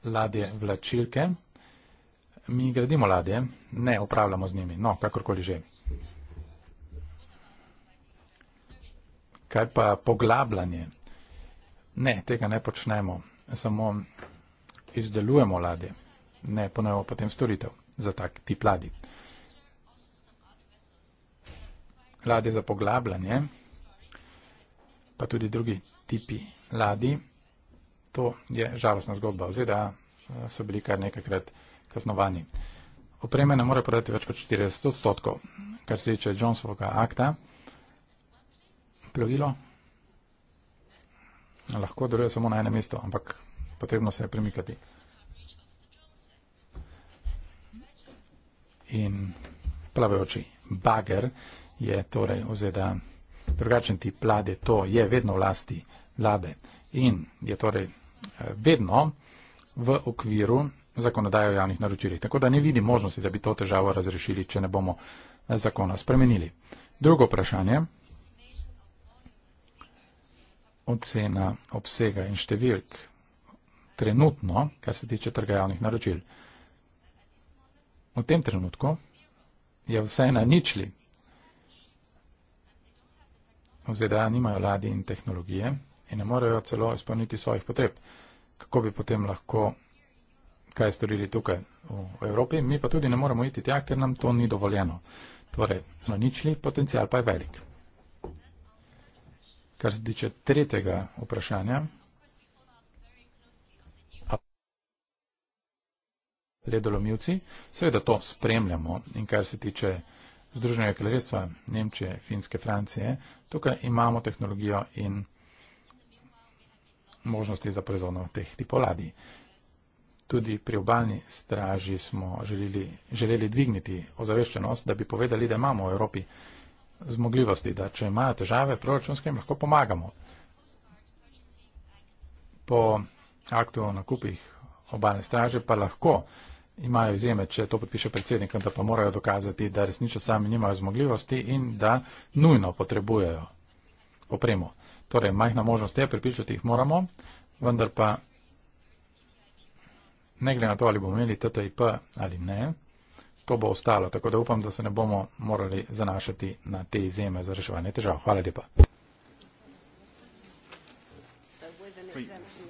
ladje vlačilke. Mi gradimo ladje, ne upravljamo z njimi, no, kakorkoli že. Kaj pa poglabljanje? Ne, tega ne počnemo, samo izdelujemo ladje, ne ponujemo potem storitev za tak tip ladji. Ladje za poglabljanje, pa tudi drugi tipi ladji, To je žalostna zgodba. V ZDA eh, so bili kar nekajkrat kaznovani. Opreme ne more prodati več kot 40 odstotkov, kar se tiče Johnsonovega akta. Plovilo lahko deluje samo na enem mestu, ampak potrebno se je premikati. In plavajoči bager je torej v ZDA drugačen tip vlade. To je vedno v lasti vlade. In je torej vedno v okviru zakonodaje o javnih naročilih. Tako da ne vidim možnosti, da bi to težavo razrešili, če ne bomo zakona spremenili. Drugo vprašanje. Ocena obsega in številk trenutno, kar se tiče trga javnih naročil. V tem trenutku je vse na ničli. V ZDA nimajo ladi in tehnologije in ne morejo celo izpolniti svojih potreb. Kako bi potem lahko kaj storili tukaj v Evropi, mi pa tudi ne moremo iti tja, ker nam to ni dovoljeno. Torej, smo ničli, potencial pa je velik. Kar se tiče tretjega vprašanja. Ledolomilci, seveda to spremljamo in kar se tiče Združenega kraljestva Nemčije, Finske, Francije, tukaj imamo tehnologijo in možnosti za proizvodno teh tipov ladij. Tudi pri obalni straži smo želeli, želeli dvigniti ozaveščenost, da bi povedali, da imamo v Evropi zmogljivosti, da če imajo težave proračunske, jim lahko pomagamo. Po aktu o nakupih obalne straže pa lahko imajo izjeme, če to podpiše predsednik, da pa morajo dokazati, da resnično sami nimajo zmogljivosti in da nujno potrebujejo opremo. Torej, majhna možnost je, pripričati jih moramo, vendar pa ne glede na to, ali bomo imeli TTIP ali ne, to bo ostalo. Tako da upam, da se ne bomo morali zanašati na te izjeme za reševanje težav. Hvala lepa. So with an exemption.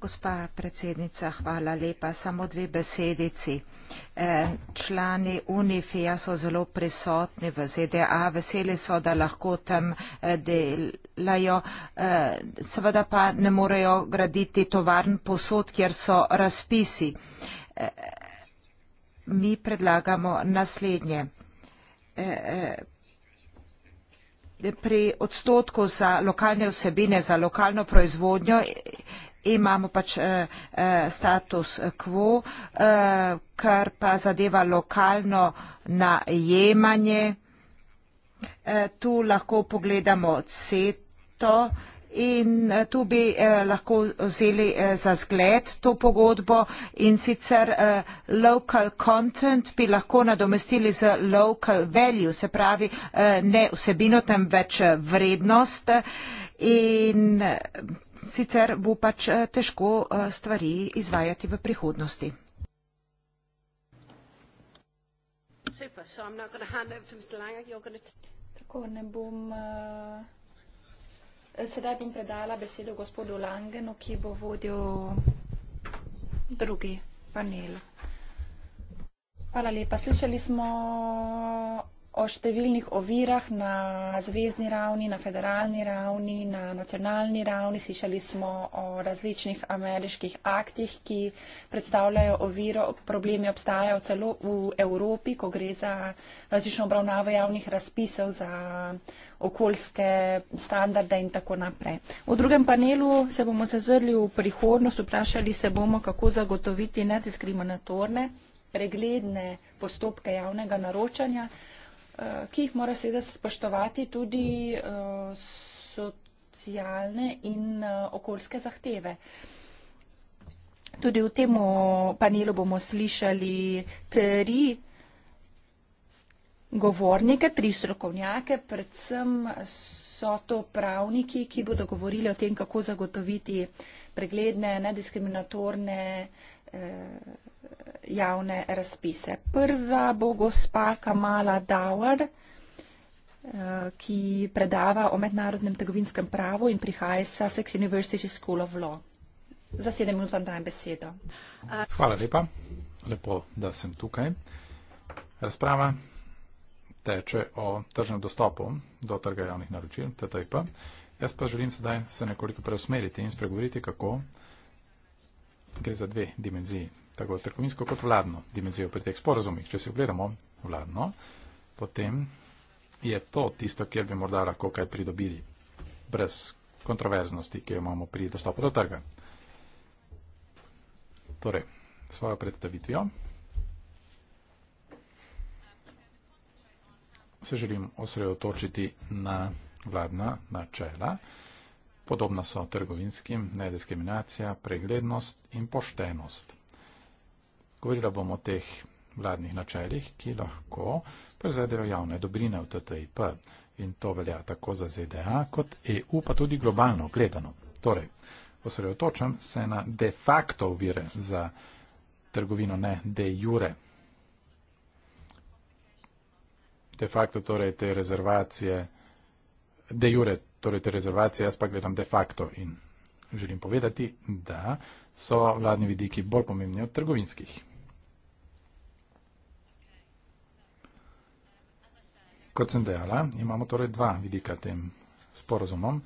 Gospa predsednica, hvala lepa. Samo dve besedici. Eh, člani UNIFIA so zelo prisotni v ZDA, veseli so, da lahko tam eh, delajo, eh, seveda pa ne morejo graditi tovarn posod, kjer so razpisi. Mi predlagamo naslednje pri odstotku za lokalne vsebine, za lokalno proizvodnjo e, imamo pač e, e, status quo, kar pa zadeva lokalno najemanje. Tu lahko pogledamo CETO, in eh, tu bi eh, lahko vzeli eh, za zgled to pogodbo in sicer eh, local content bi lahko nadomestili z local value, se pravi eh, ne vsebino, temveč eh, vrednost in eh, sicer bo pač eh, težko eh, stvari izvajati v prihodnosti. Super, so, Tako ne bom. Eh... Eh, sedaj bom predala besedo gospodu Langenu, ki bo vodil drugi panel. Hvala lepa. Slišali smo o številnih ovirah na zvezdni ravni, na federalni ravni, na nacionalni ravni. Slišali smo o različnih ameriških aktih, ki predstavljajo oviro. Problemi obstajajo celo v Evropi, ko gre za različno obravnavo javnih razpisov za okoljske standarde in tako naprej. V drugem panelu se bomo zazrli v prihodnost, vprašali se bomo, kako zagotoviti nediskriminatorne, pregledne postopke javnega naročanja. Eh, ki jih mora seveda spoštovati tudi eh, socialne in eh, okoljske zahteve. Tudi v tem panelu bomo slišali tri govornike, tri strokovnjake, predvsem so to pravniki, ki bodo govorili o tem, kako zagotoviti pregledne, nediskriminatorne eh, javne razpise. Prva bo gospa Kamala Dawar, eh, ki predava o mednarodnem trgovinskem pravu in prihaja iz Sussex University School of Law. Za sedem minut vam dajem besedo. Hvala lepa. Lepo, da sem tukaj. Razprava teče o tržnem dostopu do trga javnih naročil, TTIP. Jaz pa želim sedaj se nekoliko preusmeriti in spregovoriti, kako gre za dve dimenziji tako trgovinsko kot vladno dimenzijo pri teh sporazumih. Če se ogledamo vladno, potem je to tisto, kjer bi morda lahko kaj pridobili brez kontroverznosti, ki jo imamo pri dostopu do trga. Torej, svojo predstavitvijo se želim osredotočiti na vladna načela. Podobna so trgovinskim, nediskriminacija, preglednost in poštenost. Govorila bom o teh vladnih načeljih, ki lahko prezadejo javne dobrine v TTIP in to velja tako za ZDA kot EU, pa tudi globalno gledano. Torej, osredotočam se na de facto vire za trgovino, ne de jure. De facto torej te rezervacije, de jure torej te rezervacije, jaz pa gledam de facto in želim povedati, da so vladni vidiki bolj pomembni od trgovinskih. Kot sem dejala, imamo torej dva vidika tem sporozumom.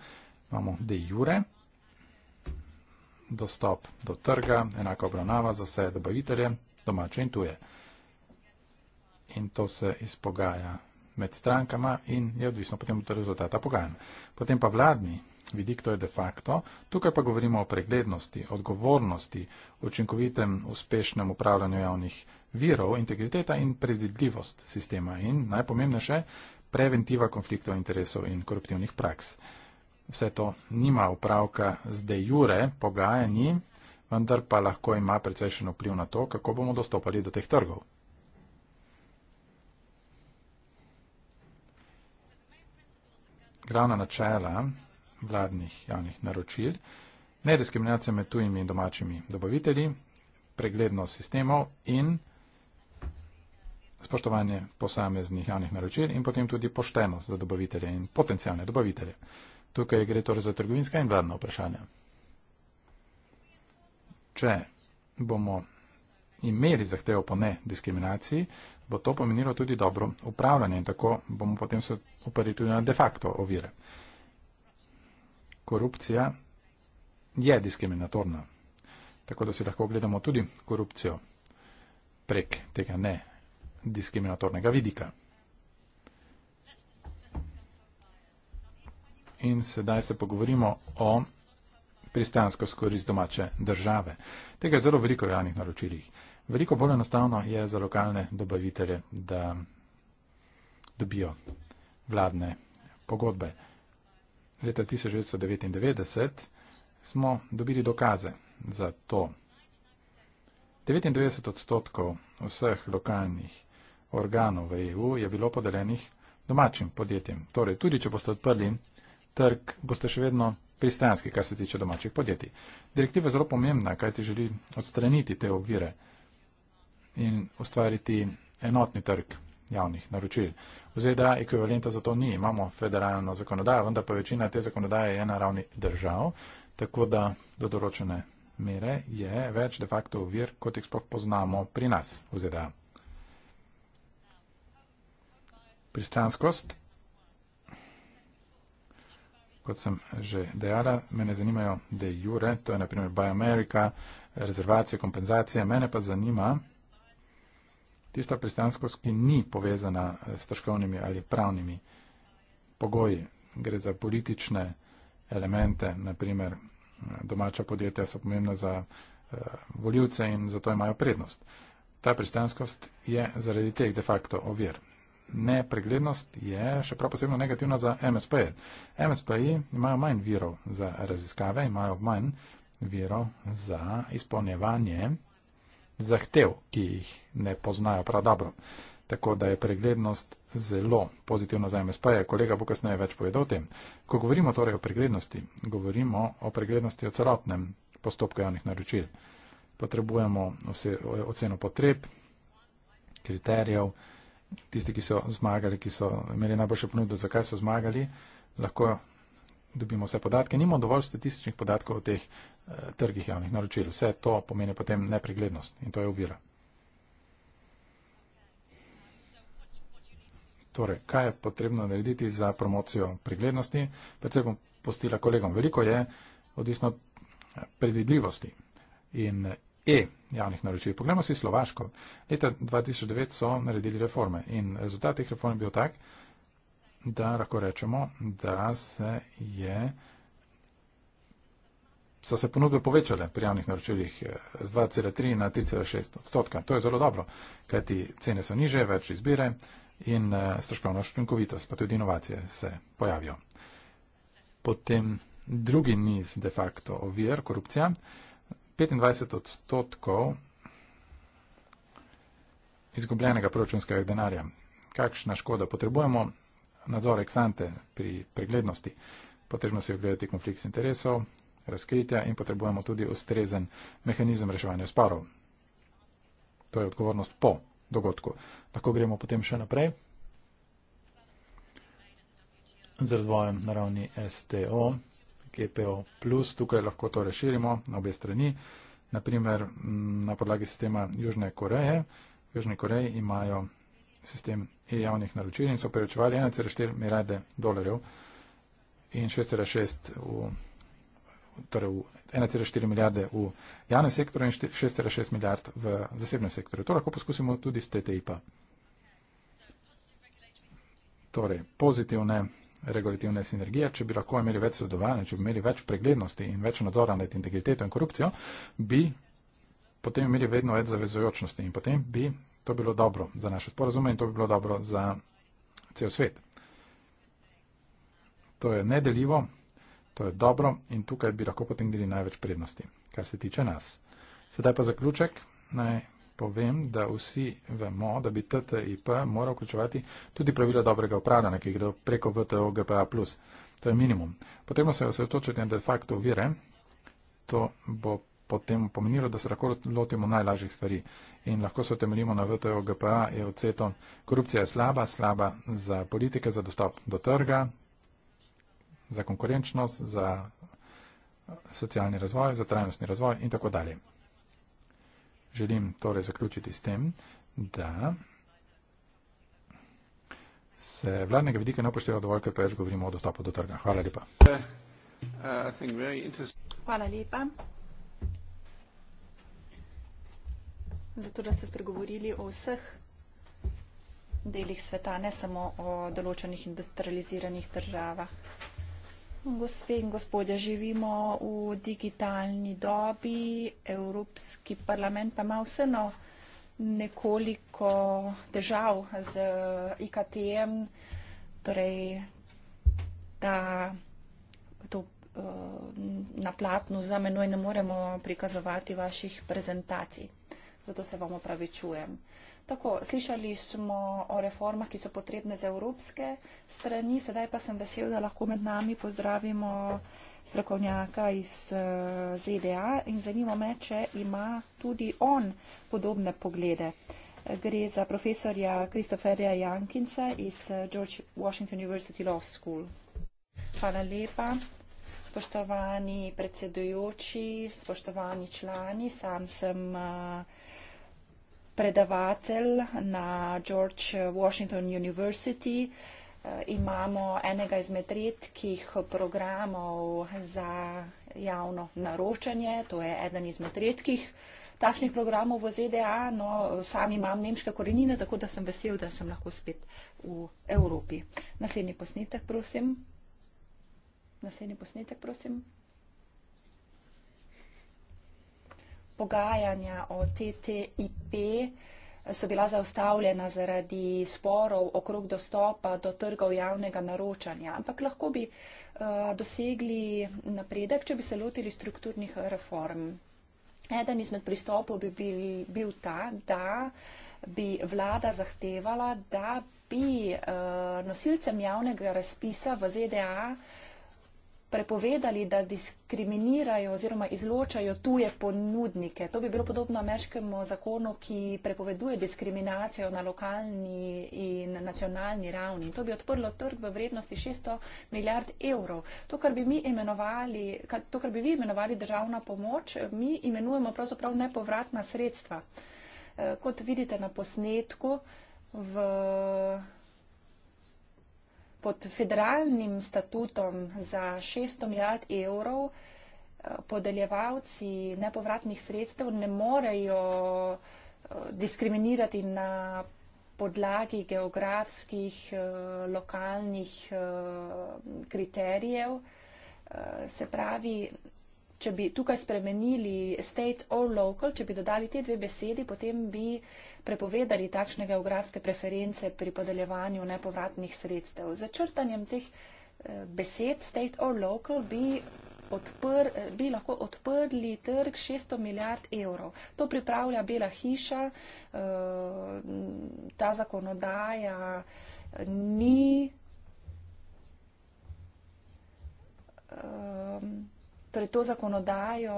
Imamo de jure, dostop do trga, enaka obravnava za vse dobavitelje, domače in tuje. In to se izpogaja med strankama in je odvisno potem od rezultata pogajanj. Potem pa vladni vidik, to je de facto. Tukaj pa govorimo o preglednosti, odgovornosti, učinkovitem, uspešnem upravljanju javnih virov, integriteta in predvidljivost sistema in najpomembnejše preventiva konfliktov interesov in koruptivnih praks. Vse to nima upravka z de jure pogajanji, vendar pa lahko ima precejšen vpliv na to, kako bomo dostopali do teh trgov. Glavna načela vladnih javnih naročil, nediskriminacija med tujimi in domačimi dobavitelji, preglednost sistemov in spoštovanje posameznih javnih naročil in potem tudi poštenost za dobavitelje in potencijalne dobavitelje. Tukaj gre torej za trgovinska in vladna vprašanja. Če bomo imeli zahtevo po nediskriminaciji, bo to pomenilo tudi dobro upravljanje in tako bomo potem se upali tudi na de facto ovire. Korupcija je diskriminatorna, tako da si lahko gledamo tudi korupcijo prek tega ne diskriminatornega vidika. In sedaj se pogovorimo o pristansko skorist domače države. Tega je zelo veliko v javnih naročilih. Veliko bolj enostavno je za lokalne dobavitelje, da dobijo vladne pogodbe. Leta 1999 smo dobili dokaze za to. 99 odstotkov vseh lokalnih organov v EU je bilo podeljenih domačim podjetjem. Torej, tudi če boste odprli trg, boste še vedno pristranski, kar se tiče domačih podjetij. Direktiva je zelo pomembna, kaj ti želi odstraniti te ovire in ustvariti enotni trg javnih naročil. V ZDA ekvivalenta za to ni, imamo federalno zakonodajo, vendar pa večina te zakonodaje je na ravni držav, tako da do določene mere je več de facto ovir, kot jih sploh poznamo pri nas v ZDA. pristranskost. Kot sem že dejala, mene zanimajo de jure, to je naprimer Buy America, rezervacije, kompenzacije. Mene pa zanima tista pristranskost, ki ni povezana s troškovnimi ali pravnimi pogoji. Gre za politične elemente, naprimer domača podjetja so pomembna za uh, eh, voljivce in zato imajo prednost. Ta pristranskost je zaradi teh de facto ovir nepreglednost je še prav posebno negativna za MSP. -je. MSP imajo manj virov za raziskave, imajo manj virov za izpolnjevanje zahtev, ki jih ne poznajo prav dobro. Tako da je preglednost zelo pozitivna za MSP. -je. Kolega bo kasneje več povedal o tem. Ko govorimo torej o preglednosti, govorimo o preglednosti o celotnem postopku javnih naročil. Potrebujemo vse, oceno potreb, kriterijev, tisti, ki so zmagali, ki so imeli najboljše ponudbe, zakaj so zmagali, lahko dobimo vse podatke. Nimamo dovolj statističnih podatkov o teh eh, trgih javnih naročil. Vse to pomeni potem nepreglednost in to je uvira. Torej, kaj je potrebno narediti za promocijo preglednosti? Predvsej bom postila kolegom. Veliko je odvisno eh, predvidljivosti in E javnih naročil. Poglejmo si Slovaško. Leta 2009 so naredili reforme in rezultat teh reform je bil tak, da lahko rečemo, da se je, so se ponudbe povečale pri javnih naročilih eh, z 2,3 na 3,6 odstotka. To je zelo dobro, kajti cene so niže, več izbire in eh, stroškovno štrinkovitost, pa tudi inovacije se pojavijo. Potem drugi niz de facto ovir, korupcija. 25 odstotkov izgubljenega proračunskega denarja. Kakšna škoda? Potrebujemo nadzor eksante pri preglednosti. Potrebno se je ogledati konflikt interesov, razkritja in potrebujemo tudi ustrezen mehanizem reševanja sporov. To je odgovornost po dogodku. Lahko gremo potem še naprej z razvojem na ravni STO. EPO plus, tukaj lahko to reširimo na obe strani. Naprimer, na podlagi sistema Južne Koreje. Južne Koreje imajo sistem e-javnih naročil in so preučevali 1,4 milijarde dolarjev in 6,6 v, torej v 1,4 milijarde v javnem sektorju in 6,6 milijard v zasebnem sektorju. To lahko poskusimo tudi z TTIP-a. Torej, pozitivne regulativne sinergije, če bi lahko imeli več sodelovanja, če bi imeli več preglednosti in več nadzora nad integriteto in korupcijo, bi potem imeli vedno več zavezujočnosti in potem bi to bilo dobro za naše sporazume in to bi bilo dobro za cel svet. To je nedeljivo, to je dobro in tukaj bi lahko potem imeli največ prednosti, kar se tiče nas. Sedaj pa zaključek. Naj povem, da vsi vemo, da bi TTIP moral vključevati tudi pravila dobrega upravljanja, ki gredo preko VTO GPA. To je minimum. Potrebno se je osredotočiti na de facto vire. To bo potem pomenilo, da se lahko lotimo najlažjih stvari. In lahko se temeljimo na VTO GPA, je odseto. Korupcija je slaba, slaba za politike, za dostop do trga, za konkurenčnost, za socialni razvoj, za trajnostni razvoj in tako dalje. Želim torej zaključiti s tem, da se vladnega vidika ne upošteva dovolj, ker pač govorimo o dostopu do trga. Hvala lepa. Hvala lepa. Zato, da ste spregovorili o vseh delih sveta, ne samo o določenih industrializiranih državah. Gospe in gospodje, živimo v digitalni dobi, Evropski parlament pa ima vseeno nekoliko težav z IKT-em, torej ta, to, eh, na platnu za menoj ne moremo prikazovati vaših prezentacij. Zato se vam opravičujem. Tako, slišali smo o reformah, ki so potrebne za evropske strani, sedaj pa sem vesel, da lahko med nami pozdravimo strokovnjaka iz eh, ZDA in zanima me, če ima tudi on podobne poglede. Gre za profesorja Kristoferja Jankinsa iz eh, George Washington University Law School. Hvala lepa. Spoštovani predsedujoči, spoštovani člani, sam sem uh, predavatelj na George Washington University. Eh, imamo enega izmed redkih programov za javno naročanje, to je eden izmed redkih takšnih programov v ZDA. No, sam imam nemške korenine, tako da sem vesel, da sem lahko spet v Evropi. Naslednji posnetek, prosim. Naslednji posnetek, prosim. pogajanja o TTIP so bila zaustavljena zaradi sporov okrog dostopa do trgov javnega naročanja. Ampak lahko bi eh, dosegli napredek, če bi se lotili strukturnih reform. Eden izmed pristopov bi bil, bil ta, da bi vlada zahtevala, da bi eh, nosilcem javnega razpisa v ZDA uh, prepovedali, da diskriminirajo oziroma izločajo tuje ponudnike. To bi bilo podobno ameriškemu zakonu, ki prepoveduje diskriminacijo na lokalni in nacionalni ravni. To bi odprlo trg v vrednosti 600 milijard evrov. To, kar bi, mi imenovali, to, kar bi vi imenovali državna pomoč, mi imenujemo pravzaprav nepovratna sredstva. Eh, kot vidite na posnetku, v pod federalnim statutom za 600 milijard evrov eh, podeljevalci nepovratnih sredstev ne morejo eh, diskriminirati na podlagi geografskih, eh, lokalnih kriterijev. Se pravi, če bi tukaj spremenili state or local, če bi dodali te dve besedi, potem bi prepovedali takšne geografske preference pri podeljevanju nepovratnih sredstev. Za črtanjem teh eh, besed state or local bi, odpr, bi lahko odprli trg 600 milijard evrov. To pripravlja Bela hiša, eh, ta zakonodaja eh, ni torej to zakonodajo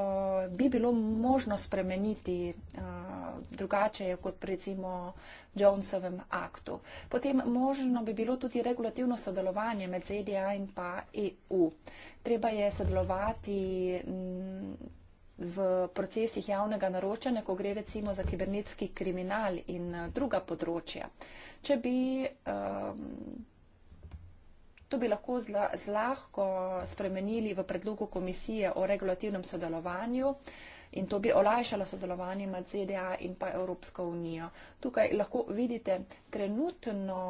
bi bilo možno spremeniti drugače kot predsimo Jonesovem aktu. Potem možno bi bilo tudi regulativno sodelovanje med ZDA in pa EU. Treba je sodelovati v procesih javnega naročanja, ko gre recimo za kibernetski kriminal in druga področja. Če bi um, To bi lahko zlahko spremenili v predlogu komisije o regulativnem sodelovanju in to bi olajšalo sodelovanje med ZDA in pa Evropsko unijo. Tukaj lahko vidite trenutno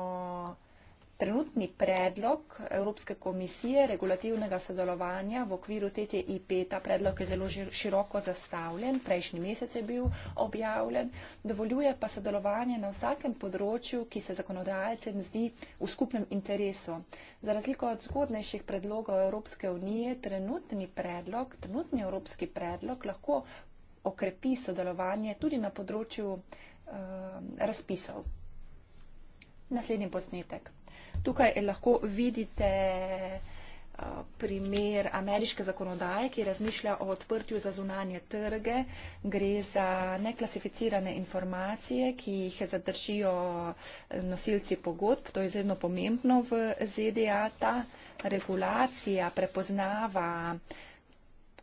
Trenutni predlog Evropske komisije regulativnega sodelovanja v okviru TTIP, ta predlog je zelo široko zastavljen, prejšnji mesec je bil objavljen, dovoljuje pa sodelovanje na vsakem področju, ki se zakonodajcem zdi v skupnem interesu. Za razliko od zgodnejših predlogov Evropske unije, trenutni predlog, trenutni evropski predlog lahko okrepi sodelovanje tudi na področju uh, razpisov. Naslednji posnetek. Tukaj lahko vidite eh, primer ameriške zakonodaje, ki razmišlja o odprtju za zunanje trge. Gre za neklasificirane informacije, ki jih zadržijo eh, nosilci pogodb. To je izredno pomembno v ZDA. Ta regulacija prepoznava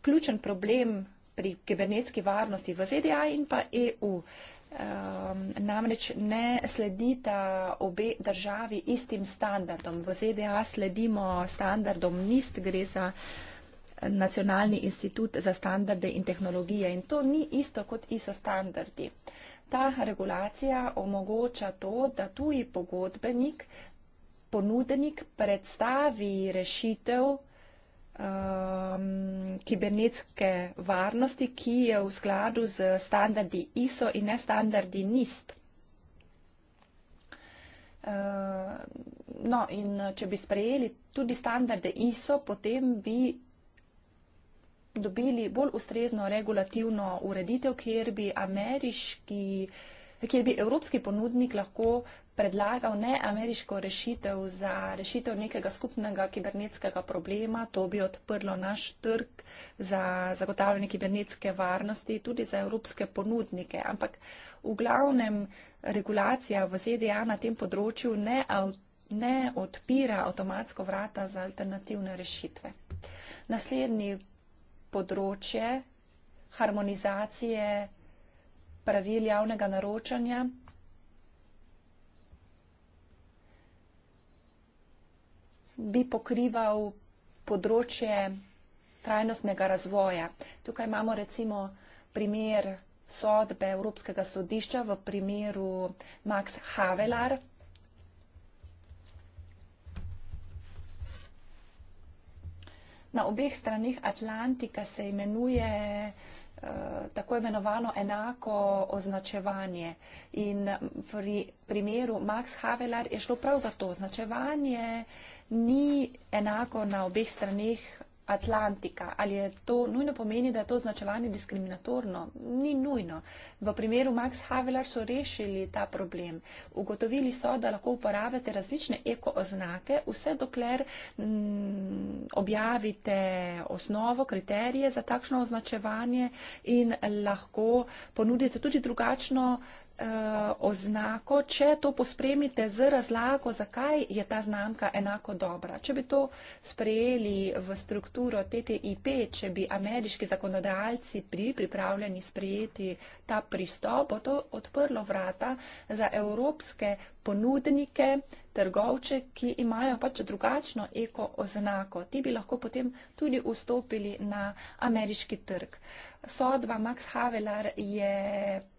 ključen problem pri kibernetski varnosti v ZDA in pa EU. Uh, Um, namreč ne sledita obe državi istim standardom. V ZDA sledimo standardom NIST, gre za nacionalni institut za standarde in tehnologije in to ni isto kot ISO standardi. Ta regulacija omogoča to, da tuji pogodbenik, ponudnik predstavi rešitev um, kibernetske varnosti, ki je v skladu z standardi ISO in ne standardi NIST. Uh, no, in če bi sprejeli tudi standarde ISO, potem bi dobili bolj ustrezno regulativno ureditev, kjer bi, kjer bi evropski ponudnik lahko predlagal ne ameriško rešitev za rešitev nekega skupnega kibernetskega problema, to bi odprlo naš trg za zagotavljanje kibernetske varnosti tudi za evropske ponudnike, ampak v glavnem regulacija v ZDA na tem področju ne, ne odpira avtomatsko vrata za alternativne rešitve. Naslednji področje harmonizacije pravil javnega naročanja. bi pokrival področje trajnostnega razvoja. Tukaj imamo recimo primer sodbe Evropskega sodišča v primeru Max Havelar. Na obeh stranih Atlantika se imenuje Eh, tako imenovano enako označevanje. In pri primeru Max Havelar je šlo prav za to. Označevanje ni enako na obeh stranih Atlantika. Ali to nujno pomeni, da je to označevanje diskriminatorno? Ni nujno. V primeru Max Havelar so rešili ta problem. Ugotovili so, da lahko uporabite različne ekooznake, vse dokler mm, objavite osnovo, kriterije za takšno označevanje in lahko ponudite tudi drugačno eh, oznako, če to pospremite z razlago, zakaj je ta znamka enako dobra. Če bi to sprejeli v strukturi, strukturo TTIP, če bi ameriški zakonodajalci pri pripravljeni sprejeti ta pristop, bo to odprlo vrata za evropske ponudnike, trgovče, ki imajo pač drugačno eko oznako. Ti bi lahko potem tudi vstopili na ameriški trg. Sodba Max Havelar je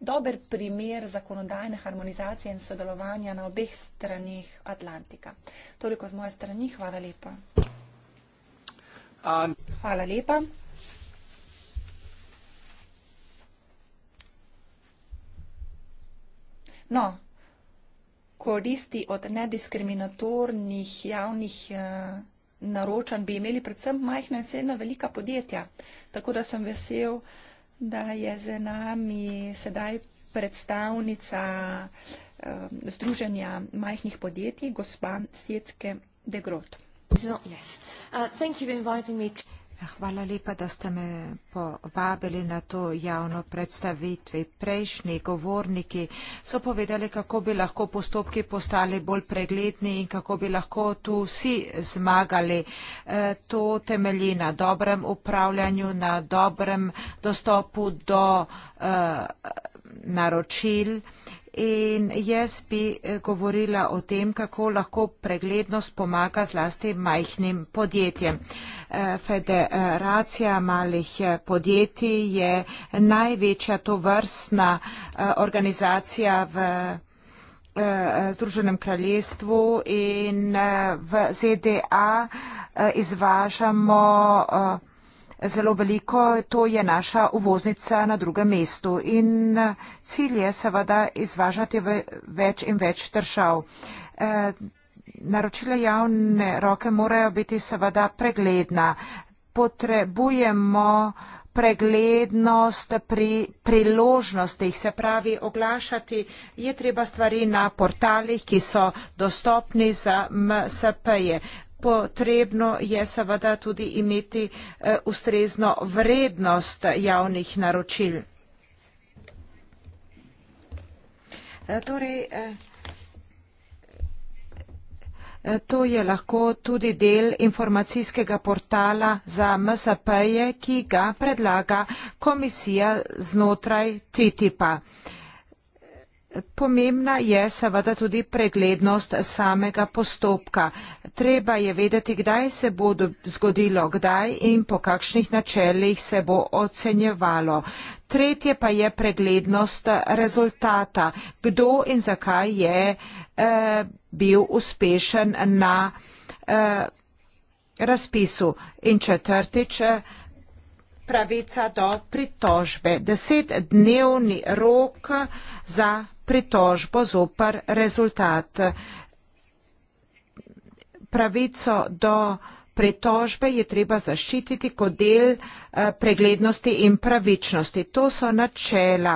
dober primer zakonodajne harmonizacije in sodelovanja na obeh stranih Atlantika. Toliko z moje strani. Hvala lepa. Um, Hvala lepa. No, koristi od nediskriminatornih javnih eh, naročanj bi imeli predvsem majhna in srednja velika podjetja. Tako da sem vesel, da je z nami sedaj predstavnica eh, Združenja majhnih podjetij, gospa Sjecke de Grot. Uh, eh, hvala lepa, da ste me povabili na to javno predstavitvi. Prejšnji govorniki so povedali, kako bi lahko postopki postali bolj pregledni in kako bi lahko tu vsi zmagali. Eh, to temelji na dobrem upravljanju, na dobrem dostopu do eh, naročil in jaz bi eh, govorila o tem, kako lahko preglednost pomaga zlasti majhnim podjetjem. Eh, Federacija malih eh, podjetij je največja tovrstna organizacija v Združenem kraljestvu in v ZDA izvažamo zelo veliko, to je naša uvoznica na drugem mestu in eh, cilj je seveda izvažati več in več držav. Eh, Naročile javne roke morajo biti seveda pregledna. Potrebujemo preglednost pri priložnostih, se pravi oglašati, je treba stvari na portalih, ki so dostopni za MSP-je potrebno je seveda tudi imeti eh, ustrezno vrednost javnih naročil. Eh, torej, eh, To je lahko tudi del informacijskega portala za MSP-je, ki ga predlaga komisija znotraj TTIP-a. E, Pomembna je seveda tudi preglednost samega postopka. Treba je vedeti, kdaj se bo zgodilo, kdaj in po kakšnih načeljih se bo ocenjevalo. Tretje pa je preglednost rezultata, kdo in zakaj je eh, bil uspešen na eh, razpisu. In četrtič. Eh, pravica do pritožbe. Desetdnevni rok za pritožbo zopr rezultat. Pravico do pritožbe je treba zaščititi kot del eh, preglednosti in pravičnosti. To so načela.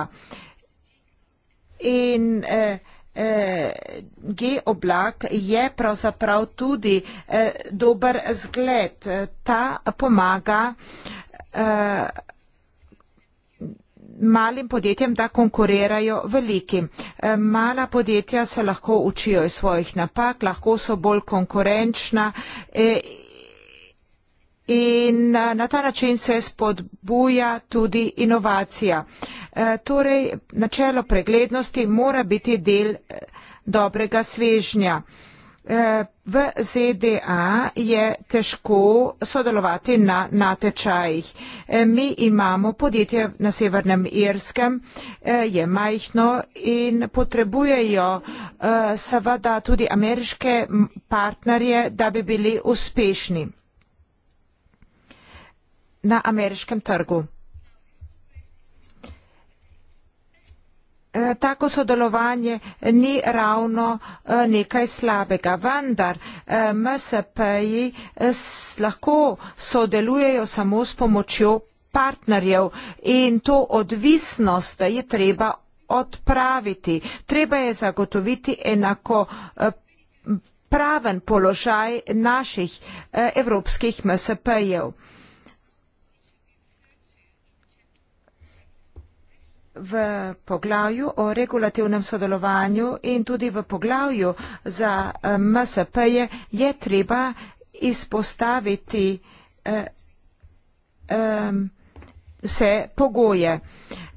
In eh, eh, G-oblak je pravzaprav tudi eh, dober zgled. Ta pomaga. Eh, malim podjetjem, da konkurirajo velikim. E, mala podjetja se lahko učijo iz svojih napak, lahko so bolj konkurenčna e, in e, na ta način se spodbuja tudi inovacija. Torej, načelo preglednosti mora biti del dobrega svežnja. V ZDA je težko sodelovati na natečajih. E, mi imamo podjetje na Severnem Irskem, e, je majhno in potrebujejo e, seveda tudi ameriške partnerje, da bi bili uspešni na ameriškem trgu. Eh, tako sodelovanje ni ravno eh, nekaj slabega, vendar eh, MSP-ji lahko sodelujejo samo s pomočjo partnerjev in to odvisnost je treba odpraviti. Treba je zagotoviti enako praven položaj naših evropskih MSP-jev. v poglavju o regulativnem sodelovanju in tudi v poglavju za eh, MSP-je je treba izpostaviti eh, eh, vse pogoje.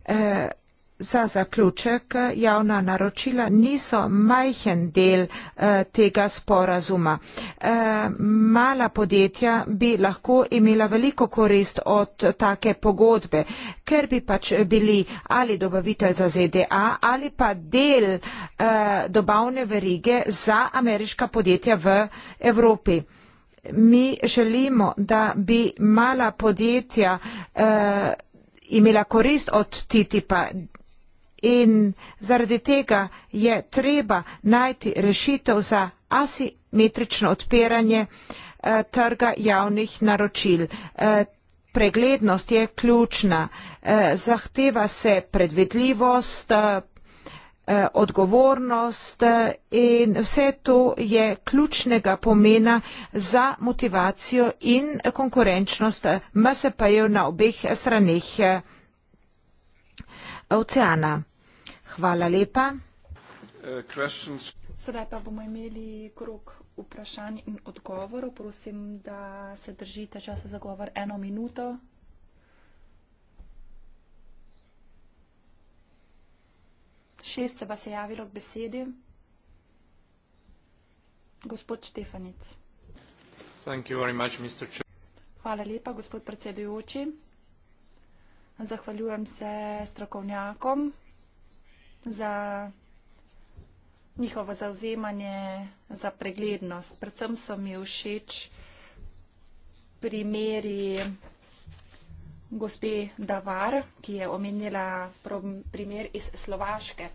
Eh, Za zaključek javna naročila niso majhen del eh, tega sporazuma. Eh, mala podjetja bi lahko imela veliko korist od take pogodbe, ker bi pač bili ali dobavitelj za ZDA ali pa del eh, dobavne verige za ameriška podjetja v Evropi. Mi želimo, da bi mala podjetja eh, imela korist od TTIP-a in zaradi tega je treba najti rešitev za asimetrično odpiranje eh, trga javnih naročil. Eh, preglednost je ključna, eh, zahteva se predvidljivost, odgovornost in vse to je ključnega pomena za motivacijo in konkurenčnost MSP-jev na obeh straneh oceana. Hvala lepa. Uh, Sedaj pa bomo imeli krok vprašanj in odgovorov. Prosim, da se držite časa za govor eno minuto. Šest se vas je javilo k besedi. Gospod Štefanic. Hvala lepa, gospod predsedujoči. Zahvaljujem se strokovnjakom za njihovo zauzemanje za preglednost. Predvsem so mi všeč primeri gospe Davar, ki je omenila primer iz Slovaške.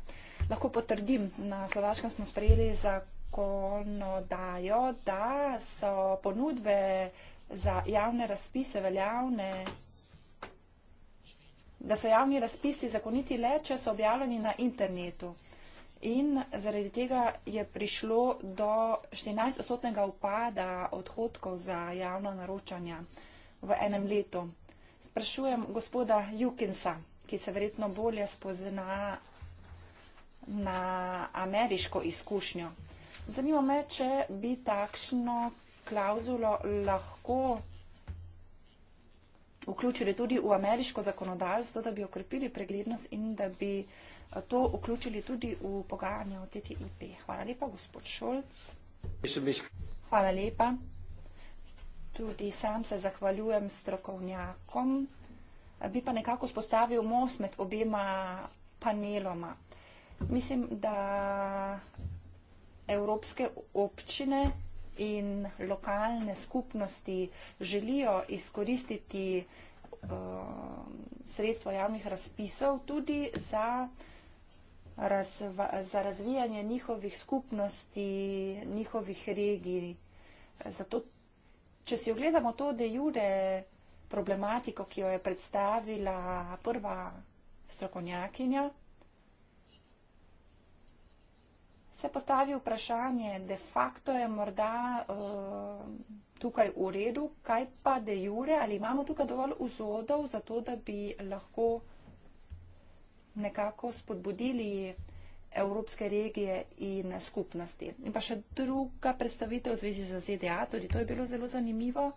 Lahko potrdim, na Slovaškem smo sprejeli zakonodajo, da so ponudbe za javne razpise veljavne da so javni razpisi zakoniti le, če so objavljeni na internetu. In zaradi tega je prišlo do 14-odstotnega upada odhodkov za javno naročanje v enem letu. Sprašujem gospoda Jukinsa, ki se verjetno bolje spozna na ameriško izkušnjo. Zanima me, če bi takšno klauzulo lahko vključili tudi v ameriško zakonodajstvo, da bi okrepili preglednost in da bi eh, to vključili tudi v pogajanje o TTIP. Hvala lepa, gospod Šolc. Hvala lepa. Tudi sam se zahvaljujem strokovnjakom. Bi pa nekako spostavil most med obema paneloma. Mislim, da evropske občine in lokalne skupnosti želijo izkoristiti uh, eh, sredstvo javnih razpisov tudi za, razva, za razvijanje njihovih skupnosti, njihovih regij. Zato, če si ogledamo to, da jure problematiko, ki jo je predstavila prva strokovnjakinja, se postavi vprašanje, de facto je morda uh, tukaj v redu, kaj pa de jure, ali imamo tukaj dovolj vzodov za to, da bi lahko nekako spodbudili evropske regije in skupnosti. In pa še druga predstavitev v zvezi z ZDA, tudi to je bilo zelo zanimivo.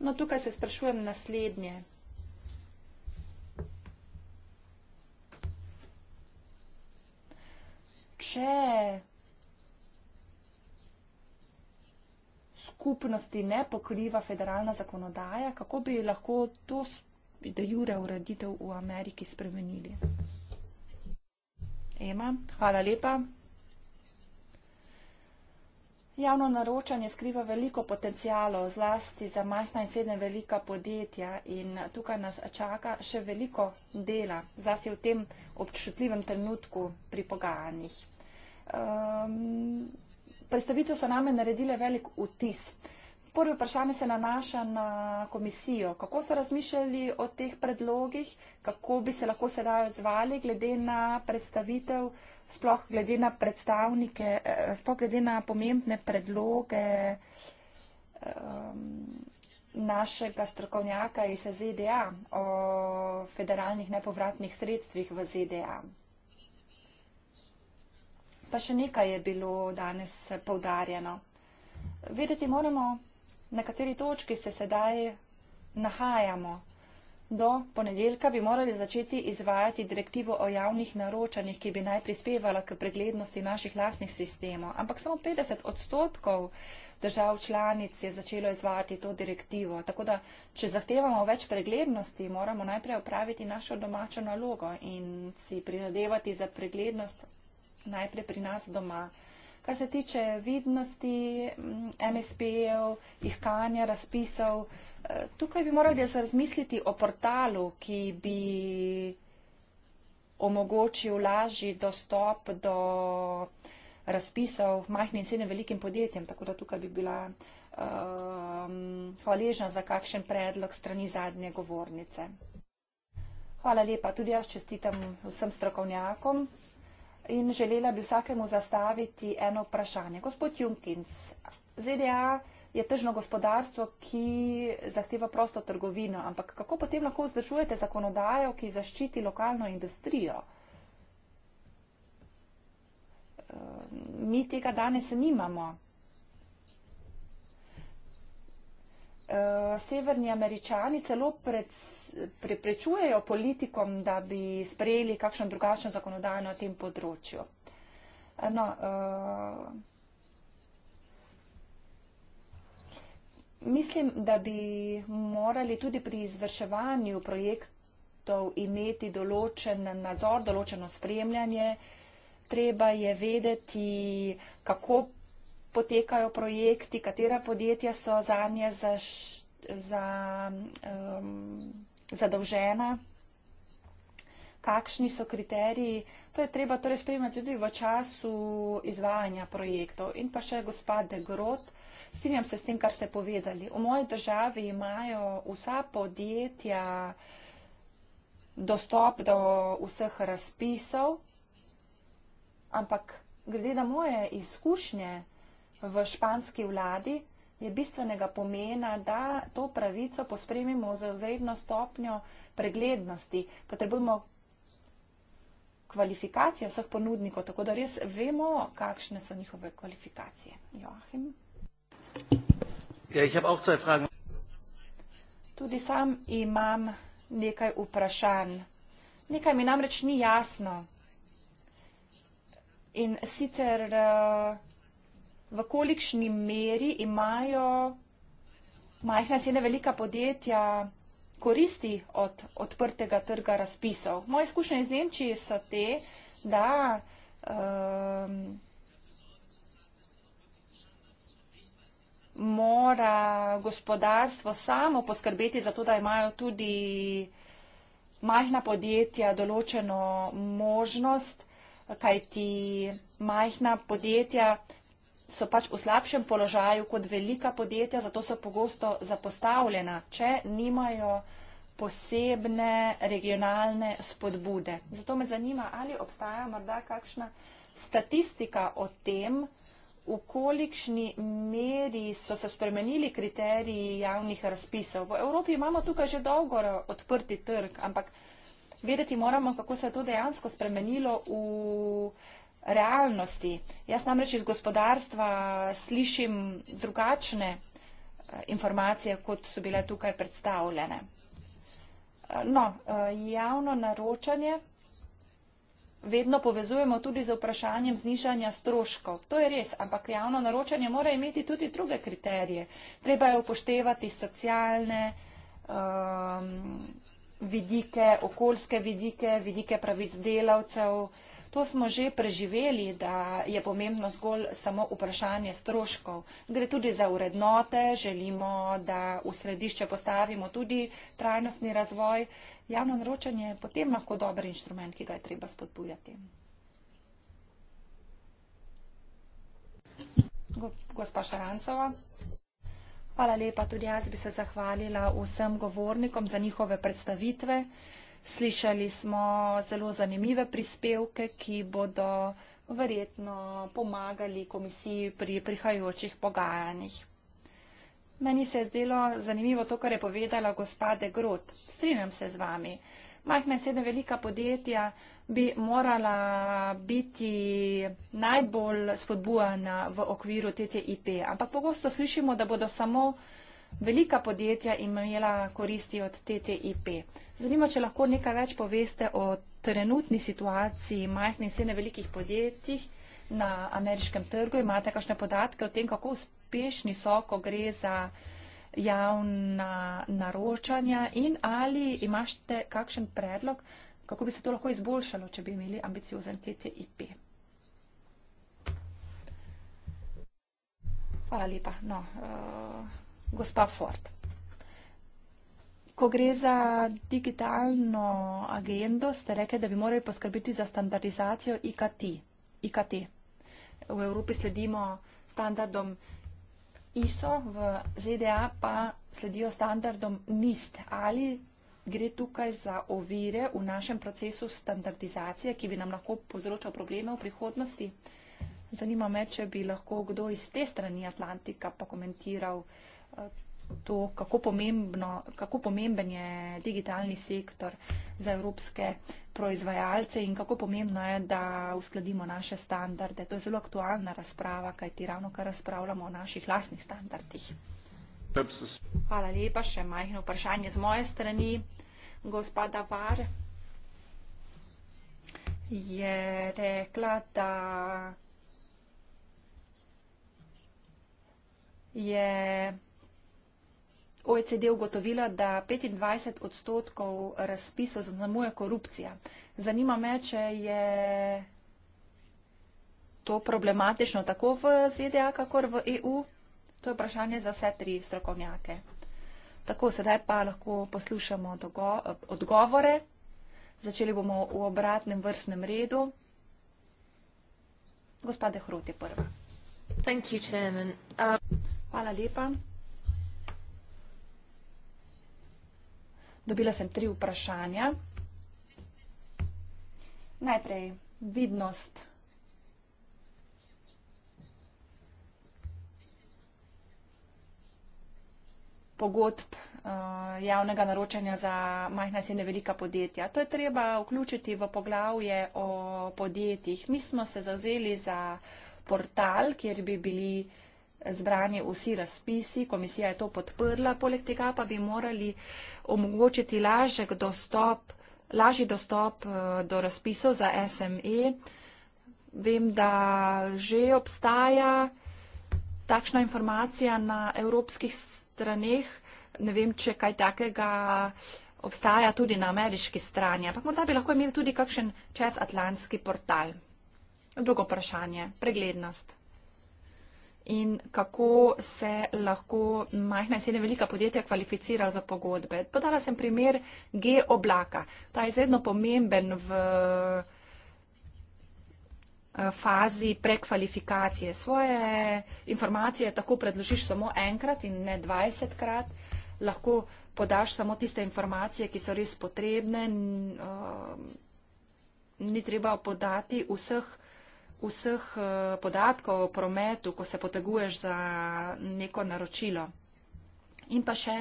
No, tukaj se sprašujem naslednje. nihče skupnosti ne pokriva federalna zakonodaja, kako bi lahko to, da jure ureditev v Ameriki spremenili? Ema, hvala lepa. Javno naročanje skriva veliko potencijalov, zlasti za majhna in srednje velika podjetja in tukaj nas čaka še veliko dela, zlasti v tem občutljivem trenutku pri pogajanjih. Um, predstavitev so name naredile velik vtis. Prvo vprašanje se nanaša na komisijo. Kako so razmišljali o teh predlogih, kako bi se lahko sedaj odzvali glede na predstavitev, sploh glede na predstavnike, eh, sploh glede na pomembne predloge um, našega strokovnjaka iz ZDA o federalnih nepovratnih sredstvih v ZDA. Pa še nekaj je bilo danes povdarjeno. Vedeti moramo, na kateri točki se sedaj nahajamo. Do ponedeljka bi morali začeti izvajati direktivo o javnih naročanjih, ki bi naj prispevala k preglednosti naših lastnih sistemov. Ampak samo 50 odstotkov držav članic je začelo izvajati to direktivo. Tako da, če zahtevamo več preglednosti, moramo najprej opraviti našo domačo nalogo in si prizadevati za preglednost najprej pri nas doma. Kar se tiče vidnosti MSP-jev, mm, iskanja razpisov, eh, tukaj bi morali jaz razmisliti o portalu, ki bi omogočil lažji dostop do razpisov majhnim in srednjim velikim podjetjem. Tako da tukaj bi bila um, hvaležna za kakšen predlog strani zadnje govornice. Hvala lepa. Tudi jaz čestitam vsem strokovnjakom in želela bi vsakemu zastaviti eno vprašanje. Gospod Junkins, ZDA je tržno gospodarstvo, ki zahteva prosto trgovino, ampak kako potem lahko vzdržujete zakonodajo, ki zaščiti lokalno industrijo? Ehm, mi tega danes nimamo. Eh, severni američani celo pred, preprečujejo politikom, da bi sprejeli kakšno drugačno zakonodajo na tem področju. Eh, no, uh, mislim, da bi morali tudi pri izvrševanju projektov imeti določen nadzor, določeno spremljanje. Treba je vedeti, kako potekajo projekti, katera podjetja so za nje za, um, zadolžena, kakšni so kriteriji. To je treba torej spremljati tudi v času izvajanja projektov. In pa še gospa De Grot, strinjam se s tem, kar ste povedali. V moji državi imajo vsa podjetja dostop do vseh razpisov, ampak glede na moje izkušnje, v španski vladi, je bistvenega pomena, da to pravico pospremimo z vzredno stopnjo preglednosti. Potrebujemo kvalifikacije vseh ponudnikov, tako da res vemo, kakšne so njihove kvalifikacije. Joachim? Ja, ich habe auch zwei Fragen. Tudi sam imam nekaj vprašanj. Nekaj mi namreč ni jasno. In sicer uh, v kolikšni meri imajo majhna in srednja velika podjetja koristi od odprtega trga razpisov. Moje izkušnje iz Nemčije so te, da um, mora gospodarstvo samo poskrbeti za to, da imajo tudi majhna podjetja določeno možnost, kajti majhna podjetja so pač v slabšem položaju kot velika podjetja, zato so pogosto zapostavljena, če nimajo posebne regionalne spodbude. Zato me zanima, ali obstaja morda kakšna statistika o tem, v kolikšni meri so se spremenili kriteriji javnih razpisov. V Evropi imamo tukaj že dolgo odprti trg, ampak vedeti moramo, kako se je to dejansko spremenilo v realnosti. Jaz namreč iz gospodarstva slišim drugačne eh, informacije, kot so bile tukaj predstavljene. Eh, no, eh, javno naročanje vedno povezujemo tudi z vprašanjem znižanja stroškov. To je res, ampak javno naročanje mora imeti tudi druge kriterije. Treba je upoštevati socialne um, vidike, okoljske vidike, vidike pravic delavcev, uh, To smo že preživeli, da je pomembno zgolj samo vprašanje stroškov. Gre tudi za urednote, želimo, da v središče postavimo tudi trajnostni razvoj. Javno naročanje je potem lahko dober inštrument, ki ga je treba spodbujati. Gospa Šarancova. Hvala lepa, tudi jaz bi se zahvalila vsem govornikom za njihove predstavitve. Slišali smo zelo zanimive prispevke, ki bodo verjetno pomagali komisiji pri prihajajočih pogajanjih. Meni se je zdelo zanimivo to, kar je povedala gospode Grot. Strinjam se z vami. Majhna in sedem velika podjetja bi morala biti najbolj spodbujana v okviru TTIP, ampak pogosto slišimo, da bodo samo velika podjetja imela koristi od TTIP. Zanima, če lahko nekaj več poveste o trenutni situaciji majhnih in srednje velikih podjetij na ameriškem trgu. Imate kakšne podatke o tem, kako uspešni so, ko gre za javna naročanja in ali imate kakšen predlog, kako bi se to lahko izboljšalo, če bi imeli ambiciozen CTIP. Hvala lepa. No, uh, gospa Ford. Ko gre za digitalno agendo, ste rekli, da bi morali poskrbiti za standardizacijo IKT. IKT. V Evropi sledimo standardom ISO, v ZDA pa sledijo standardom NIST. Ali gre tukaj za ovire v našem procesu standardizacije, ki bi nam lahko povzročal probleme v prihodnosti? Zanima me, če bi lahko kdo iz te strani Atlantika pa komentiral eh, to, kako, pomembno, kako pomemben je digitalni sektor za evropske proizvajalce in kako pomembno je, da uskladimo naše standarde. To je zelo aktualna razprava, kajti ravno kar razpravljamo o naših lastnih standardih. Hvala lepa. Še majhno vprašanje z moje strani. Gospoda Var je rekla, da je OECD ugotovila, da 25 odstotkov razpisov zaznamuje korupcija. Zanima me, če je to problematično tako v ZDA, kakor v EU. To je vprašanje za vse tri strokovnjake. Tako, sedaj pa lahko poslušamo dogo, odgovore. Začeli bomo v obratnem vrstnem redu. Gospode Hrut je prva. Hvala lepa. Dobila sem tri vprašanja. Najprej vidnost. pogodb uh, javnega naročanja za majhna in velika podjetja. To je treba vključiti v poglavje o podjetjih. Mi smo se zauzeli za portal, kjer bi bili uh, zbrani vsi razpisi, komisija je to podprla, poleg tega pa bi morali omogočiti lažjeg dostop, lažji dostop eh, do razpisov za SME. Vem, da že obstaja takšna informacija na evropskih straneh, ne vem, če kaj takega obstaja tudi na ameriški strani, ampak morda bi lahko imeli tudi kakšen čezatlantski portal. Drugo vprašanje, preglednost in kako se lahko majhna in srednja velika podjetja kvalificirajo za pogodbe. Podala sem primer G-oblaka. Ta je izredno pomemben v eh, fazi prekvalifikacije. Svoje informacije tako predložiš samo enkrat in ne dvajsetkrat. Lahko podaš samo tiste informacije, ki so res potrebne. Eh, ni treba podati vseh vseh eh, podatkov o prometu, ko se poteguješ za neko naročilo. In pa še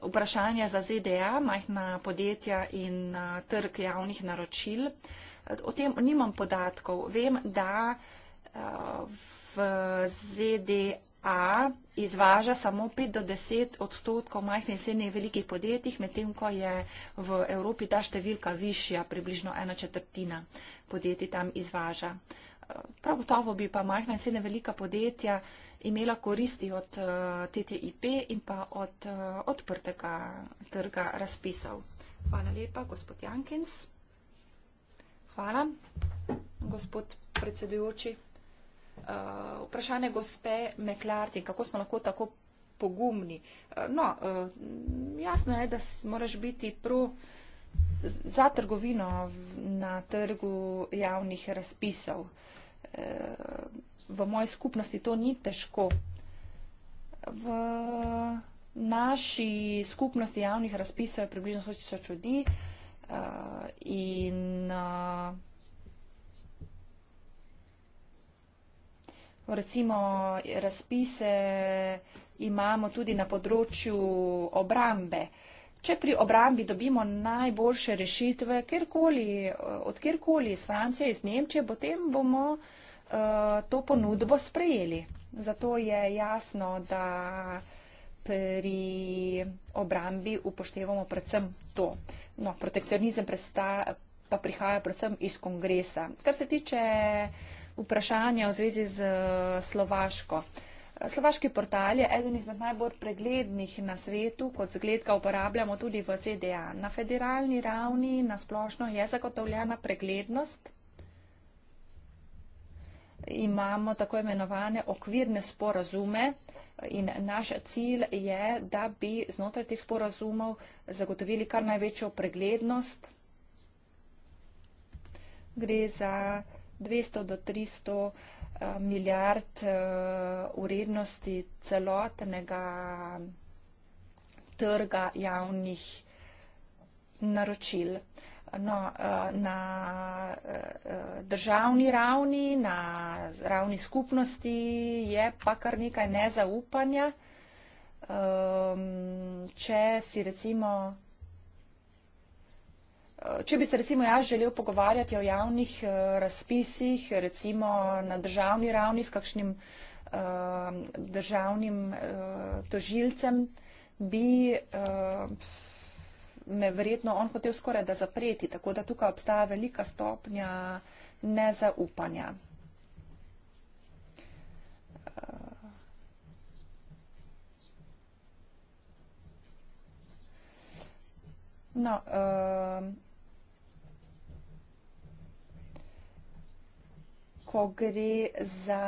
vprašanje za ZDA, majhna podjetja in eh, trg javnih naročil. O tem nimam podatkov. Vem, da eh, v ZDA izvaža samo 5 do 10 odstotkov majhnih in srednjih velikih podjetij, medtem ko je v Evropi ta številka višja, približno ena četrtina podjetij tam izvaža prav gotovo bi pa majhna in srednja velika podjetja imela koristi od eh, TTIP in pa od eh, odprtega trga razpisov. Hvala lepa, gospod Jankins. Hvala, gospod predsedujoči. Eh, vprašanje gospe Meklarti, kako smo lahko tako pogumni. No, jasno je, da moraš biti prav za trgovino na trgu javnih razpisov. Eh, v moji skupnosti to ni težko. V naši skupnosti javnih razpisov je približno 100 tisoč ljudi eh, in eh, recimo razpise imamo tudi na področju obrambe. Če pri obrambi dobimo najboljše rešitve, od kjerkoli iz Francije, iz Nemčije, potem bomo uh, to ponudbo sprejeli. Zato je jasno, da pri obrambi upoštevamo predvsem to. No, protekcionizem presta, pa prihaja predvsem iz kongresa. Kar se tiče vprašanja v zvezi z eh, Slovaško. Uh, Slovaški portal je eden izmed najbolj preglednih na svetu, kot zgled ga uporabljamo tudi v ZDA. Na federalni ravni na splošno je zagotovljena preglednost. Imamo tako imenovane okvirne sporazume in naš cilj je, da bi znotraj teh sporazumov zagotovili kar največjo preglednost. Gre za 200 do 300 eh, milijard urednosti eh, celotnega trga javnih naročil. No, eh, na državni ravni, na ravni skupnosti je pa kar nekaj nezaupanja. Ehm, če si recimo Če bi se recimo jaz želel pogovarjati o javnih eh, razpisih, recimo na državni ravni s kakšnim eh, državnim eh, tožilcem, bi me verjetno on hotel skoraj da zapreti, tako da tukaj obstaja velika stopnja nezaupanja. No, ko gre za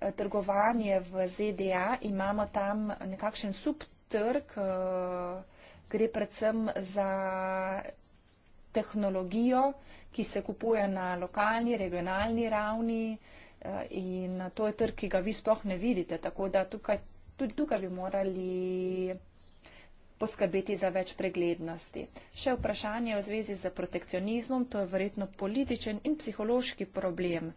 eh, trgovanje v ZDA, imamo tam nekakšen subtrg, eh, gre predvsem za tehnologijo, ki se kupuje na lokalni, regionalni ravni eh, in to je trg, ki ga vi sploh ne vidite, tako da tukaj, tudi tukaj bi morali poskrbeti za več preglednosti. Še vprašanje v zvezi z protekcionizmom, to je verjetno političen in psihološki problem. Eh,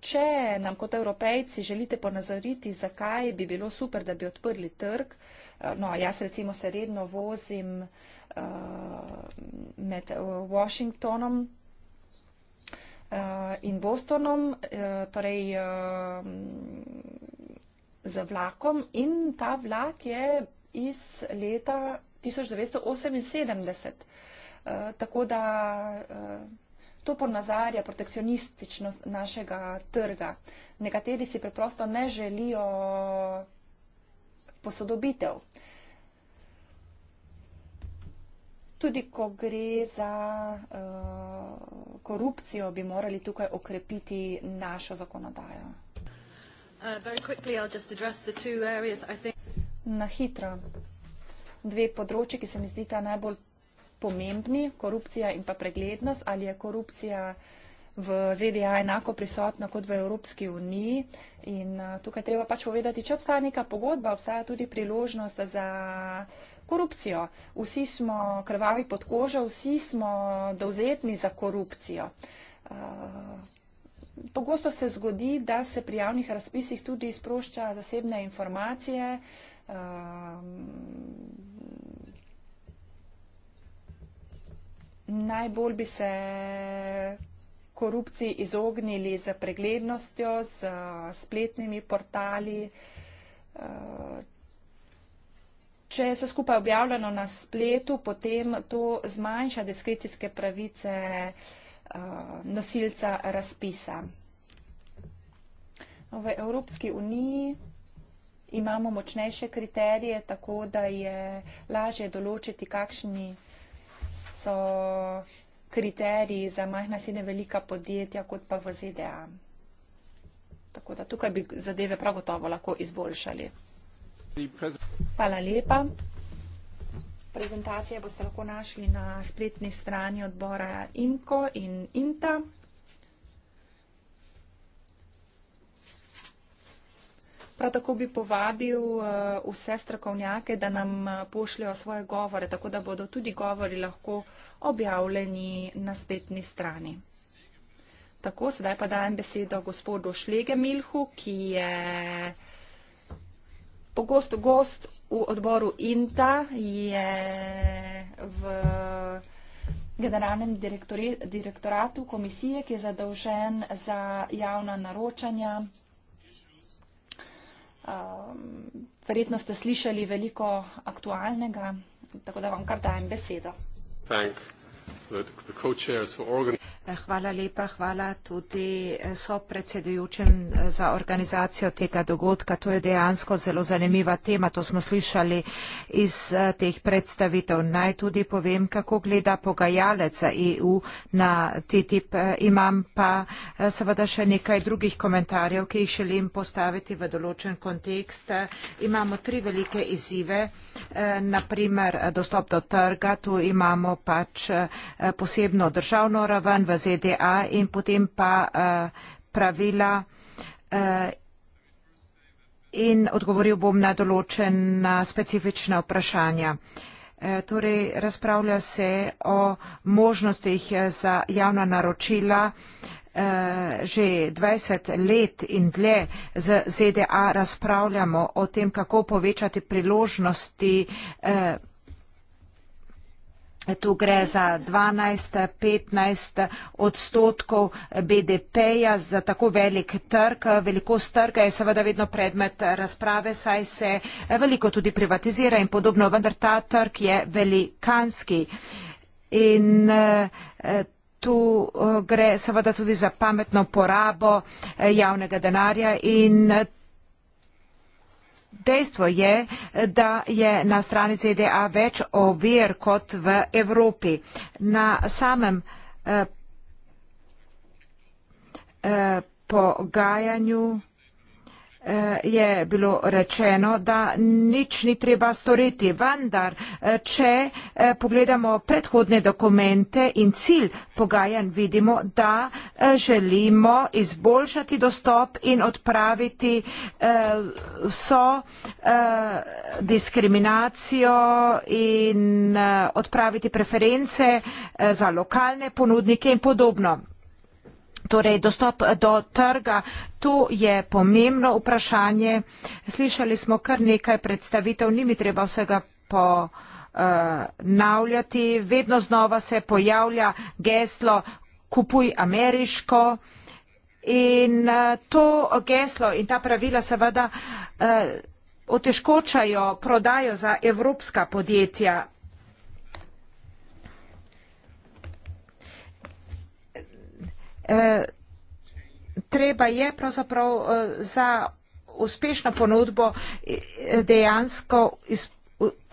če nam kot evropejci želite ponazoriti, zakaj bi bilo super, da bi odprli trg, eh, no, jaz recimo se redno vozim uh, med Washingtonom uh, in Bostonom, uh, torej uh, z vlakom in ta vlak je iz leta 1978. Eh, tako da eh, to ponazarja protekcionističnost našega trga. Nekateri si preprosto ne želijo posodobitev. Tudi ko gre za eh, korupcijo, bi morali tukaj okrepiti našo zakonodajo. Uh, very quickly, I'll just address the two areas I think na hitro dve področji, ki se mi zdita najbolj pomembni, korupcija in pa preglednost, ali je korupcija v ZDA enako prisotna kot v Evropski uniji. In tukaj treba pač povedati, če obstaja neka pogodba, obstaja tudi priložnost za korupcijo. Vsi smo krvavi pod kožo, vsi smo dovzetni za korupcijo. Pogosto se zgodi, da se pri javnih razpisih tudi sprošča zasebne informacije, Ehm, najbolj bi se korupciji izognili z preglednostjo, z spletnimi portali. Ehm, če je vse skupaj objavljeno na spletu, potem to zmanjša diskrecijske pravice ehm, nosilca razpisa. V Evropski uniji imamo močnejše kriterije, tako da je lažje določiti, kakšni so kriteriji za majhna sine velika podjetja, kot pa v ZDA. Tako da tukaj bi zadeve prav gotovo lahko izboljšali. Hvala lepa. Prezentacije boste lahko našli na spletni strani odbora INKO in INTA. Prav tako bi povabil eh, vse strokovnjake, da nam eh, pošljajo svoje govore, tako da bodo tudi govori lahko objavljeni na spetni strani. Tako, sedaj pa dajem besedo gospodu Šlegemilhu, ki je pogosto gost v odboru INTA, je v generalnem direktoratu komisije, ki je zadolžen za javna naročanja. Um, verjetno ste slišali veliko aktualnega, tako da vam kar dajem besedo. Hvala lepa, hvala tudi eh, so predsedujočem eh, za organizacijo tega dogodka. To je dejansko zelo zanimiva tema, to smo slišali iz eh, teh predstavitev. Naj tudi povem, kako gleda pogajalec za EU na TTIP. Imam pa seveda še nekaj drugih komentarjev, ki jih želim postaviti v določen kontekst. Imamo tri velike izzive, naprimer dostop do trga, tu imamo pač posebno državno raven, ZDA in potem pa eh, pravila eh, in odgovoril bom na določena specifična vprašanja. Eh, torej, razpravlja se o možnostih za javna naročila že 20 let in dlje z ZDA razpravljamo o tem, kako povečati priložnosti Tu gre za 12-15 odstotkov BDP-ja za tako velik trg. Velikost trga je seveda vedno predmet razprave, saj se veliko tudi privatizira in podobno, vendar ta trg je velikanski. In eh, tu eh, gre seveda tudi za pametno porabo eh, javnega denarja in dejstvo je, da je na strani ZDA več ovir kot v Evropi. Na samem eh, eh, pogajanju. Eh, je bilo rečeno, da nič ni treba storiti. Vendar, eh, če eh, pogledamo predhodne dokumente in cilj pogajanj, vidimo, da želimo izboljšati dostop in odpraviti vso diskriminacijo in odpraviti preference za lokalne ponudnike in podobno torej dostop do trga. To je pomembno vprašanje. Slišali smo kar nekaj predstavitev, ni mi treba vsega ponavljati. Vedno znova se pojavlja geslo kupuj ameriško. In eh, to geslo in ta pravila seveda eh, otežkočajo prodajo za evropska podjetja. Eh, treba je pravzaprav eh, za uspešno ponudbo eh, dejansko izpolniti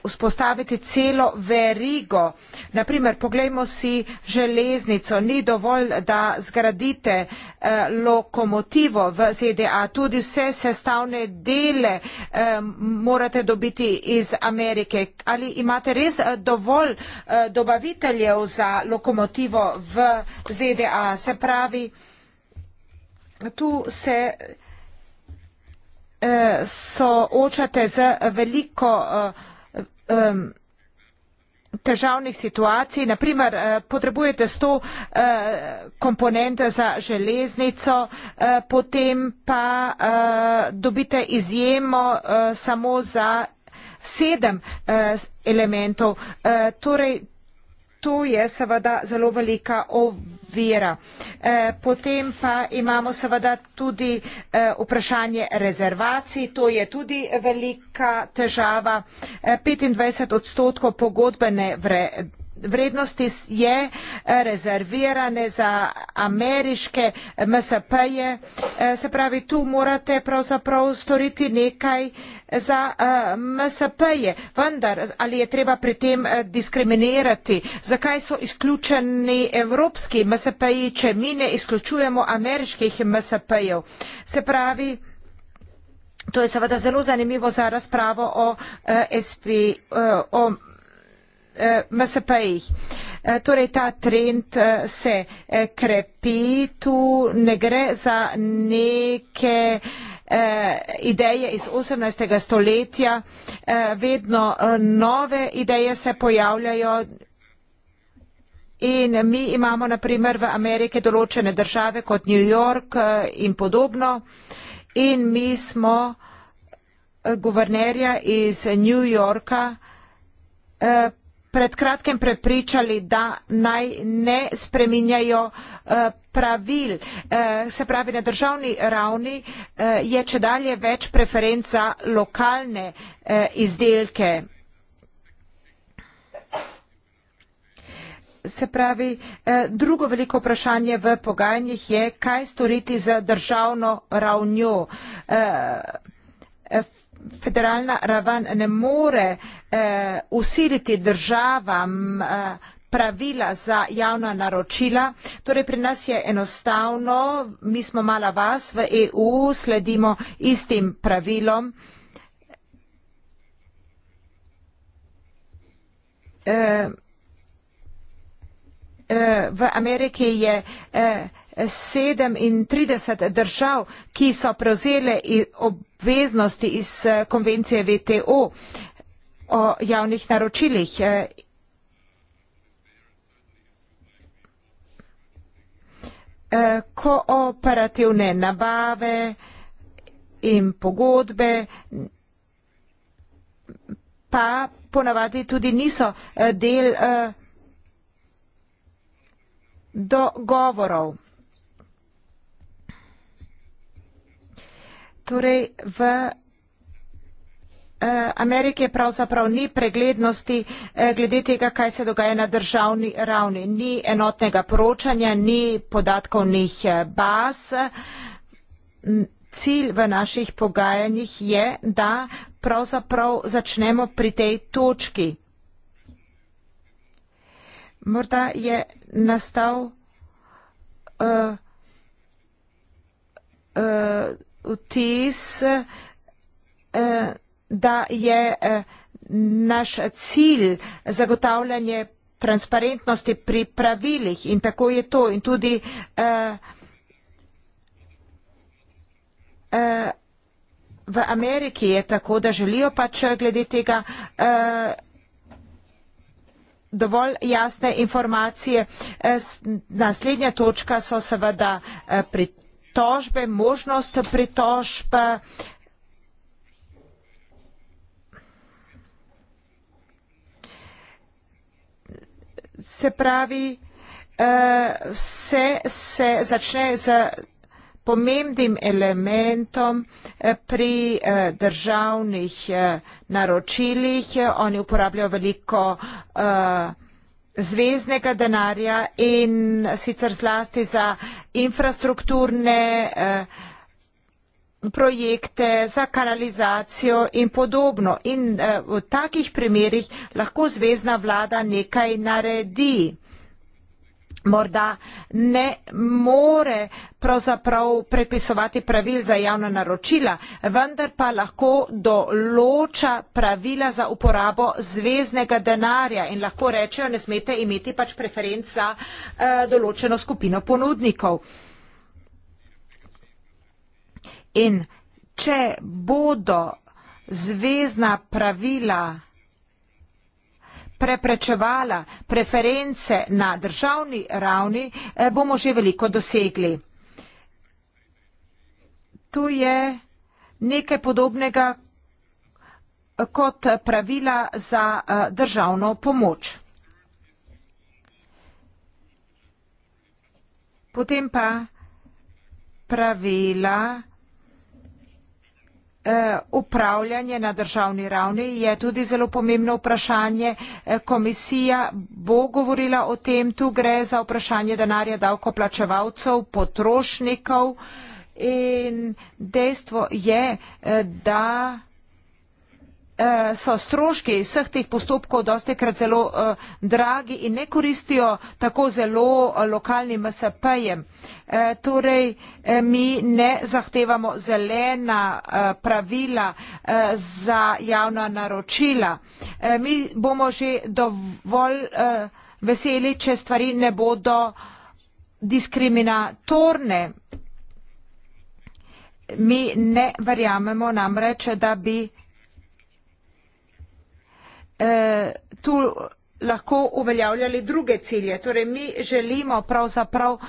vzpostaviti celo verigo. Naprimer, poglejmo si železnico. Ni dovolj, da zgradite eh, lokomotivo v ZDA. Tudi vse sestavne dele eh, morate dobiti iz Amerike. Ali imate res eh, dovolj eh, dobaviteljev za lokomotivo v ZDA? Se pravi, tu se eh, soočate z veliko eh, um, težavnih situacij. Naprimer, eh, potrebujete 100 eh, komponente za železnico, eh, potem pa dobite izjemo samo za sedem elementov. Torej, To je seveda zelo velika ovira. E, potem pa imamo seveda tudi e, vprašanje rezervacij. To je tudi velika težava. E, eh, 25 odstotkov pogodbene vrednosti vrednosti je eh, rezervirane za ameriške eh, MSP-je. Eh, se pravi, tu morate pravzaprav storiti nekaj za MSP-je. Vendar, ali je treba pri tem diskriminirati? Zakaj so izključeni evropski MSP-ji, če mi ne izključujemo ameriških MSP-jev? Se pravi, To je seveda zelo zanimivo za razpravo o, SP, o MSP-jih. Eh, eh, torej ta trend eh, se krepi, tu ne gre za neke ideje iz 18. stoletja, vedno nove ideje se pojavljajo. In mi imamo naprimer v Amerike določene države kot New York in podobno. In mi smo guvernerja iz New Yorka pred kratkem prepričali, da naj ne spreminjajo eh, pravil. Eh, se pravi, na državni ravni eh, je če dalje več preferenca lokalne izdelke. Se pravi, drugo veliko vprašanje v pogajanjih je, kaj storiti za državno ravnjo federalna raven ne more eh, usiliti državam eh, pravila za javna naročila. Torej pri nas je enostavno, mi smo mala vas v EU, sledimo istim pravilom. Eh, eh, v Ameriki je eh, 37 držav, ki so prevzele obveznosti iz eh, konvencije VTO o javnih naročilih. Eh. Eh, kooperativne nabave in pogodbe pa ponavadi tudi niso del dogovorov. Torej, v eh, Amerike pravzaprav ni preglednosti eh, glede tega, kaj se dogaja na državni ravni. Ni enotnega poročanja, ni podatkovnih eh, baz. Cilj v naših pogajanjih je, da pravzaprav začnemo pri tej točki. Morda je nastal uh, uh, vtis, eh, da je eh, naš cilj zagotavljanje transparentnosti pri pravilih in tako je to. In tudi eh, v Ameriki je tako, da želijo pač glede tega dovolj jasne informacije. Naslednja točka so seveda pri tožbe, možnost pritožb. Se pravi, eh, vse se začne z pomembnim elementom eh, pri eh, državnih naročilih. Oni uporabljajo veliko uh, zvezdnega denarja in sicer zlasti za infrastrukturne eh, projekte, za kanalizacijo in podobno. In eh, v takih primerjih lahko zvezdna vlada nekaj naredi morda ne more pravzaprav predpisovati pravil za javna naročila, vendar pa lahko določa pravila za uporabo zveznega denarja in lahko rečejo, ne smete imeti pač preferenc za eh, določeno skupino ponudnikov. In če bodo zvezna pravila preprečevala preference na državni ravni, eh, bomo že veliko dosegli. Tu je nekaj podobnega eh, kot pravila za eh, državno pomoč. Potem pa pravila za državno pomoč. Eh, upravljanje na državni ravni je tudi zelo pomembno vprašanje. Eh, komisija bo govorila o tem, tu gre za vprašanje denarja davkoplačevalcev, potrošnikov in dejstvo je, eh, da Eh, so stroški vseh teh postopkov dosti krat zelo eh, dragi in ne koristijo tako zelo eh, lokalnim MSP-jem. Torej, mi ne zahtevamo zelena pravila za javna naročila. Mi bomo že dovolj veseli, če stvari ne bodo diskriminatorne. Mi ne verjamemo namreč, da bi eh, tu lahko uveljavljali druge cilje. Torej, mi želimo pravzaprav eh,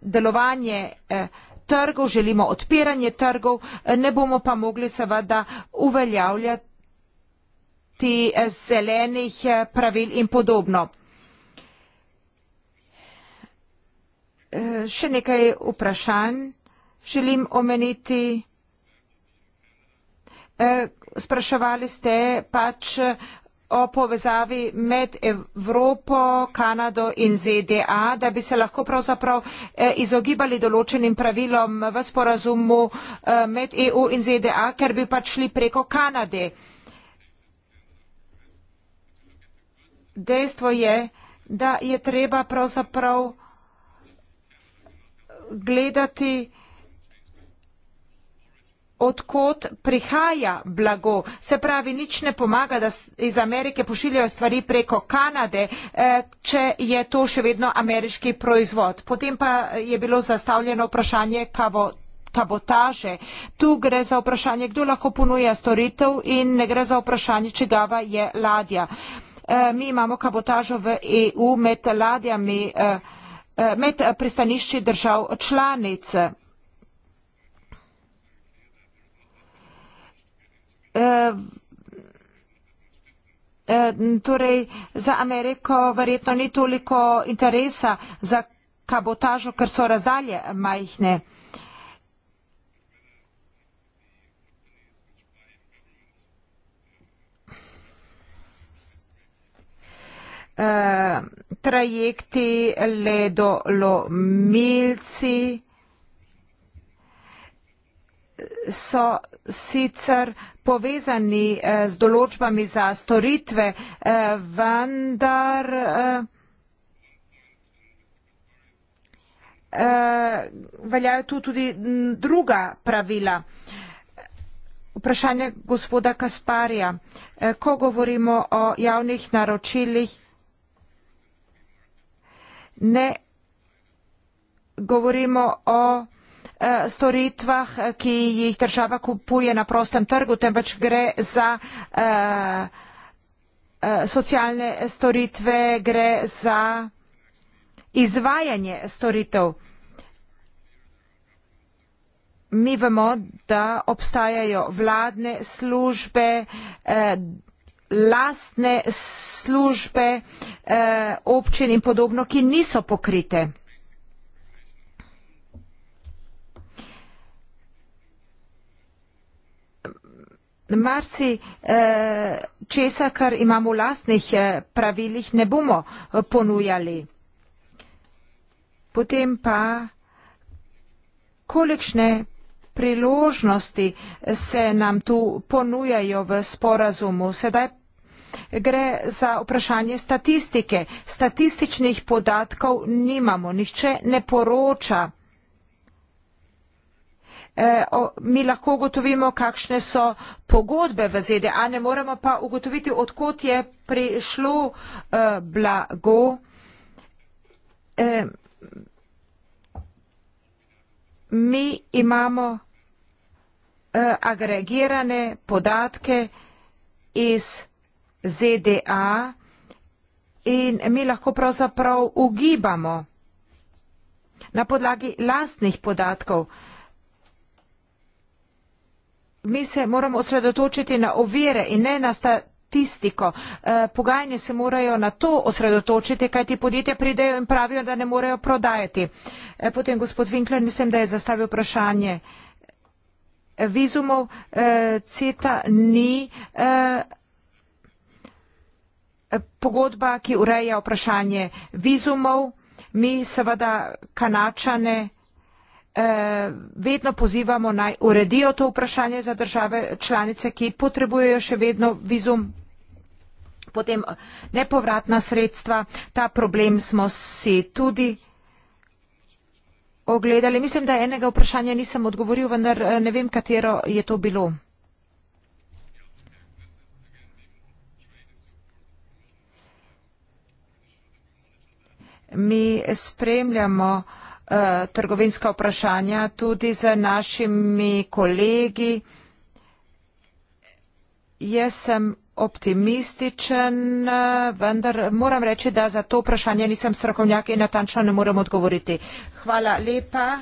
delovanje eh, trgov, želimo odpiranje trgov, eh, ne bomo pa mogli seveda uveljavljati eh, zelenih eh, pravil in podobno. Eh, še nekaj vprašanj želim omeniti. Eh, spraševali ste pač o povezavi med Evropo, Kanado in ZDA, da bi se lahko pravzaprav eh, izogibali določenim pravilom v sporazumu eh, med EU in ZDA, ker bi pač šli preko Kanade. Dejstvo je, da je treba pravzaprav gledati odkot prihaja blago. Se pravi, nič ne pomaga, da iz Amerike pošiljajo stvari preko Kanade, eh, če je to še vedno ameriški proizvod. Potem pa je bilo zastavljeno vprašanje kavo kabotaže. Tu gre za vprašanje, kdo lahko ponuja storitev in ne gre za vprašanje, čigava je ladja. Eh, mi imamo kabotažo v EU med ladjami, eh, med pristanišči držav članic. Eh, eh, torej za Ameriko verjetno ni toliko interesa za kabotažo, ker so razdalje majhne. Uh, trajekti ledo lomilci so sicer povezani eh, z določbami za storitve, eh, vendar eh, veljajo tu tudi druga pravila. Vprašanje gospoda Kasparja. Ko govorimo o javnih naročilih, ne govorimo o Eh, storitvah, eh, ki jih država kupuje na prostem trgu, temveč gre za eh, socialne storitve, gre za izvajanje storitev. Mi vemo, da obstajajo vladne službe, lastne službe občin in podobno, ki niso pokrite. marsi eh, česa, kar imamo v lastnih eh, pravilih, ne bomo eh, ponujali. Potem pa, kolikšne priložnosti se nam tu ponujajo v sporazumu. Sedaj gre za vprašanje statistike. Statističnih podatkov nimamo, nihče ne poroča eh, o, mi lahko ugotovimo, kakšne so pogodbe v ZDA, ne moremo pa ugotoviti, odkot je prišlo eh, blago. Eh, mi imamo eh, agregirane podatke iz ZDA in mi lahko pravzaprav ugibamo na podlagi lastnih podatkov, eh, mi se moramo osredotočiti na ovire in ne na statistiko. Eh, Pogajanje se morajo na to osredotočiti, kajti podjetja pridejo in pravijo, da ne morejo prodajati. Eh, potem gospod Winkler, mislim, da je zastavil vprašanje vizumov. Eh, CETA ni pogodba, ki ureja vprašanje vizumov. Mi seveda kanačane vprašanje. Eh, vedno pozivamo naj uredijo to vprašanje za države članice, ki potrebujejo še vedno vizum, potem nepovratna sredstva. Ta problem smo si tudi ogledali. Mislim, da enega vprašanja nisem odgovoril, vendar eh, ne vem, katero je to bilo. Mi spremljamo uh, Eh, trgovinska vprašanja tudi z našimi kolegi. Jaz sem optimističen, eh, vendar moram reči, da za to vprašanje nisem strokovnjak in natančno ne morem odgovoriti. Hvala lepa.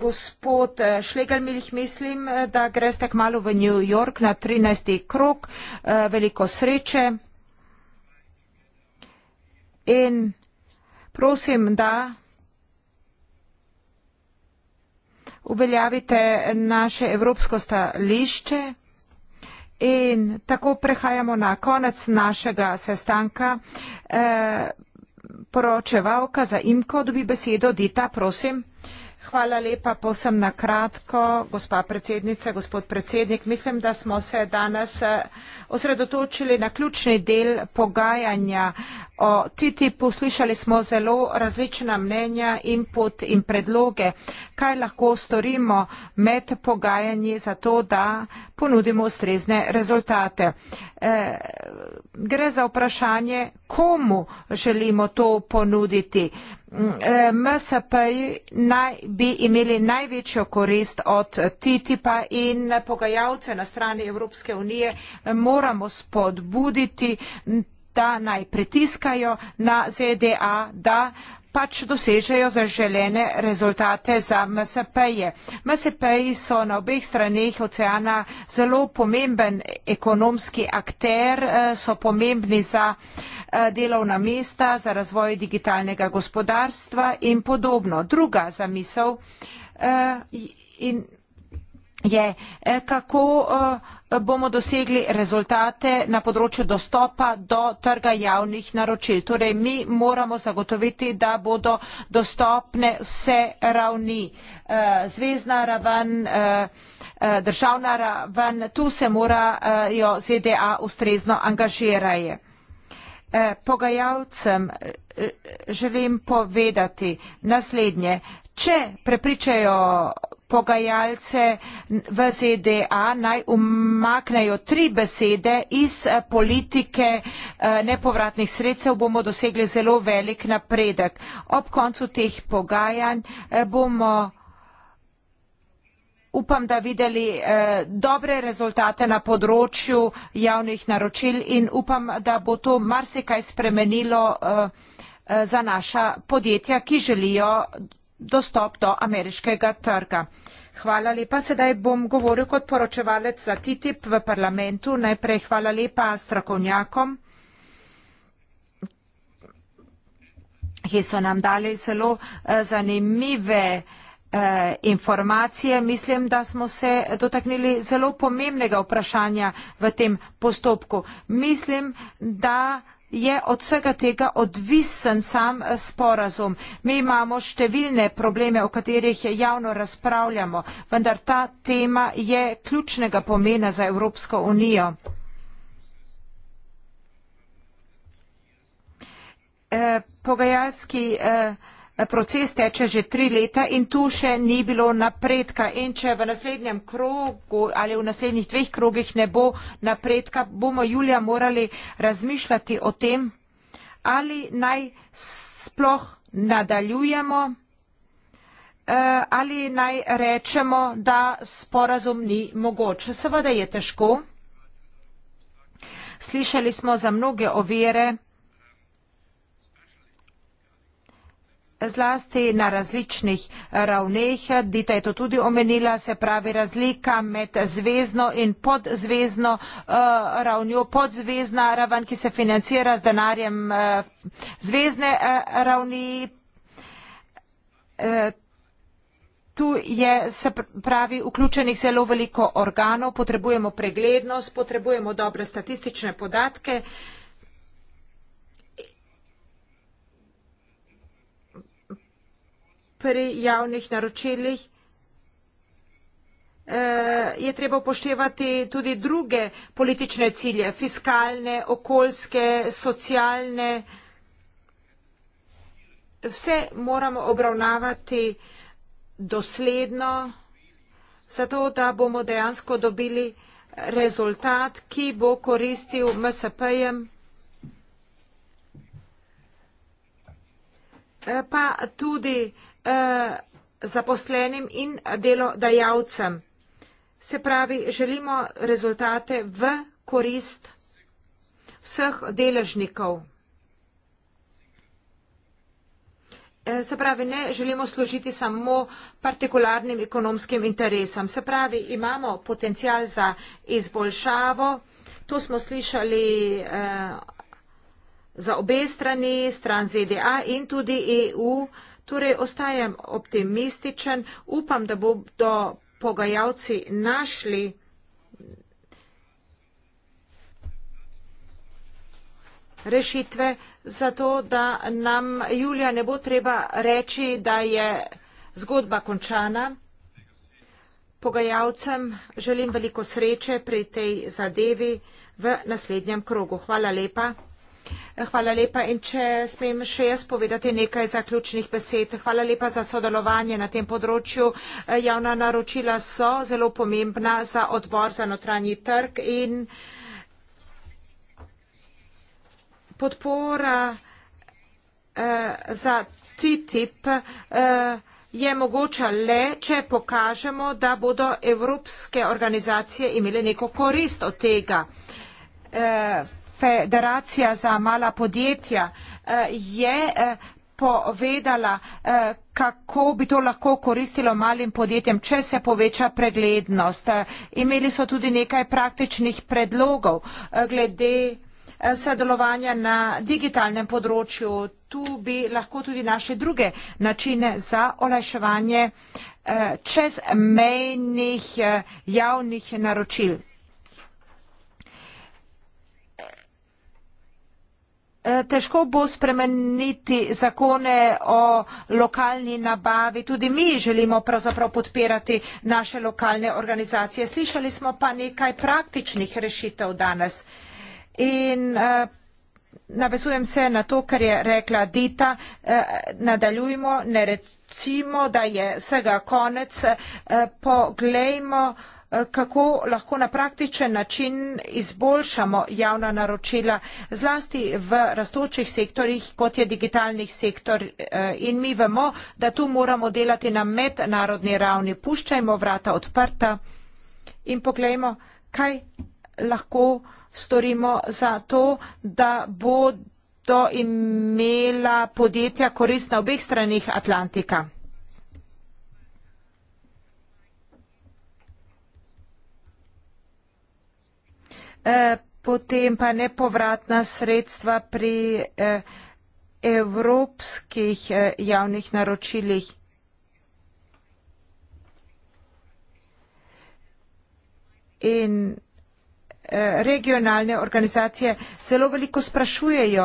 Gospod eh, Šlegelmilih, mislim, da greste kmalo v New York na 13. krok. Veliko sreče. In prosim, da uveljavite naše evropsko stališče in tako prehajamo na konec našega sestanka. E, poročevalka za IMKO dobi besedo, Dita, prosim. Hvala lepa, posem na kratko, gospa predsednica, gospod predsednik. Mislim, da smo se danes eh, osredotočili na ključni del pogajanja O TTIP-u slišali smo zelo različna mnenja, input in predloge, kaj lahko storimo med pogajanji za to, da ponudimo ustrezne rezultate. E, gre za vprašanje, komu želimo to ponuditi. E, MSP naj bi imeli največjo korist od TTIP-a in pogajalce na strani Evropske unije moramo spodbuditi da naj pritiskajo na ZDA, da pač dosežejo zaželene rezultate za MSP-je. MSP-ji so na obeh straneh oceana zelo pomemben ekonomski akter, eh, so pomembni za eh, delovna mesta, za razvoj digitalnega gospodarstva in podobno. Druga zamisel eh, in je, e, kako e, bomo dosegli rezultate na področju dostopa do trga javnih naročil. Torej, mi moramo zagotoviti, da bodo dostopne vse ravni, e, zvezdna raven, državna raven, tu se morajo ZDA ustrezno angažirati. Pogajalcem želim povedati naslednje. Če prepričajo pogajalce v ZDA naj umaknejo tri besede iz eh, politike eh, nepovratnih sredstev, bomo dosegli zelo velik napredek. Ob koncu teh pogajanj eh, bomo upam, da videli eh, dobre rezultate na področju javnih naročil in upam, da bo to marsikaj spremenilo eh, za naša podjetja, ki želijo dostop do ameriškega trga. Hvala lepa. Sedaj bom govoril kot poročevalec za TTIP v parlamentu. Najprej hvala lepa strokovnjakom, ki so nam dali zelo eh, zanimive eh, informacije. Mislim, da smo se dotaknili zelo pomembnega vprašanja v tem postopku. Mislim, da je od vsega tega odvisen sam eh, sporazum. Mi imamo številne probleme, o katerih javno razpravljamo, vendar ta tema je ključnega pomena za Evropsko unijo. Eh, pogajalski sporazum eh, Proces teče že tri leta in tu še ni bilo napredka. In če v naslednjem krogu ali v naslednjih dveh krogih ne bo napredka, bomo julija morali razmišljati o tem, ali naj sploh nadaljujemo eh, ali naj rečemo, da sporazum ni mogoč. Seveda je težko. Slišali smo za mnoge ovire, zlasti na različnih eh, ravneh. Dita je to tudi omenila, se pravi razlika med zvezno in podzvezno eh, ravnjo. Podzvezna raven, ki se financira z denarjem eh, zvezne ravni. Tu je, se pravi, vključenih zelo veliko organov, potrebujemo preglednost, potrebujemo dobre statistične podatke. Uh, pri javnih naročilih eh, je treba upoštevati tudi druge politične cilje, fiskalne, okoljske, socialne. Vse moramo obravnavati dosledno, zato da bomo dejansko dobili rezultat, ki bo koristil MSP-jem, eh, pa tudi Eh, zaposlenim in delodajalcem. Se pravi, želimo rezultate v korist vseh deležnikov. Eh, se pravi, ne želimo služiti samo partikularnim ekonomskim interesam. Se pravi, imamo potencial za izboljšavo. To smo slišali eh, za obe strani, stran ZDA in tudi EU. Eh, Torej, ostajam optimističen, upam, da bodo pogajalci našli rešitve za to, da nam Julija ne bo treba reči, da je zgodba končana. Pogajalcem želim veliko sreče pri tej zadevi v naslednjem krogu. Hvala lepa. Hvala lepa in če smem še jaz povedati nekaj zaključnih besed. Hvala lepa za sodelovanje na tem področju. Eh, javna naročila so zelo pomembna za odbor za notranji trg in podpora eh, za TTIP eh, je mogoča le, če pokažemo, da bodo evropske organizacije imele neko korist od tega. Hvala lepa. Federacija za mala podjetja eh, je eh, povedala, eh, kako bi to lahko koristilo malim podjetjem, če se poveča preglednost. Imeli so tudi nekaj praktičnih predlogov glede sodelovanja na digitalnem področju. Tu bi lahko tudi naše druge načine za olajševanje čezmejnih javnih naročil. Eh, težko bo spremeniti zakone o lokalni nabavi. Tudi mi želimo pravzaprav podpirati naše lokalne organizacije. Slišali smo pa nekaj praktičnih rešitev danes. In eh, navezujem se na to, kar je rekla Dita, eh, nadaljujmo, ne recimo, da je vsega konec, poglejmo, kako lahko na praktičen način izboljšamo javna naročila, zlasti v rastočih sektorjih, kot je digitalnih sektor. Eh, in mi vemo, da tu moramo delati na mednarodni ravni. Puščajmo vrata odprta in poglejmo, kaj lahko storimo za to, da bodo imela podjetja korist na obeh stranih Atlantika. Eh, potem pa nepovratna sredstva pri eh, evropskih eh, javnih naročilih. In regionalne organizacije zelo veliko sprašujejo,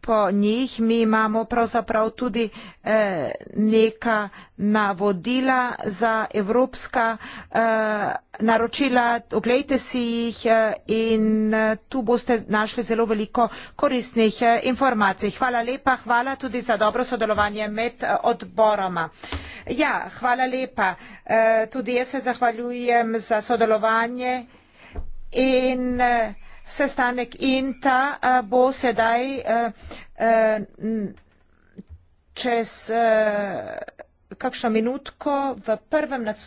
po njih mi imamo pravzaprav tudi eh, neka navodila za evropska eh, naročila. Oglejte si jih eh, in eh, tu boste našli zelo veliko koristnih eh, informacij. Hvala lepa, hvala tudi za dobro sodelovanje med eh, odboroma. Ja, hvala lepa. Eh, tudi jaz se zahvaljujem za sodelovanje. In, eh, sestanek in ta eh, bo sedaj eh, eh, čez kakšno minutko v prvem nadstropju.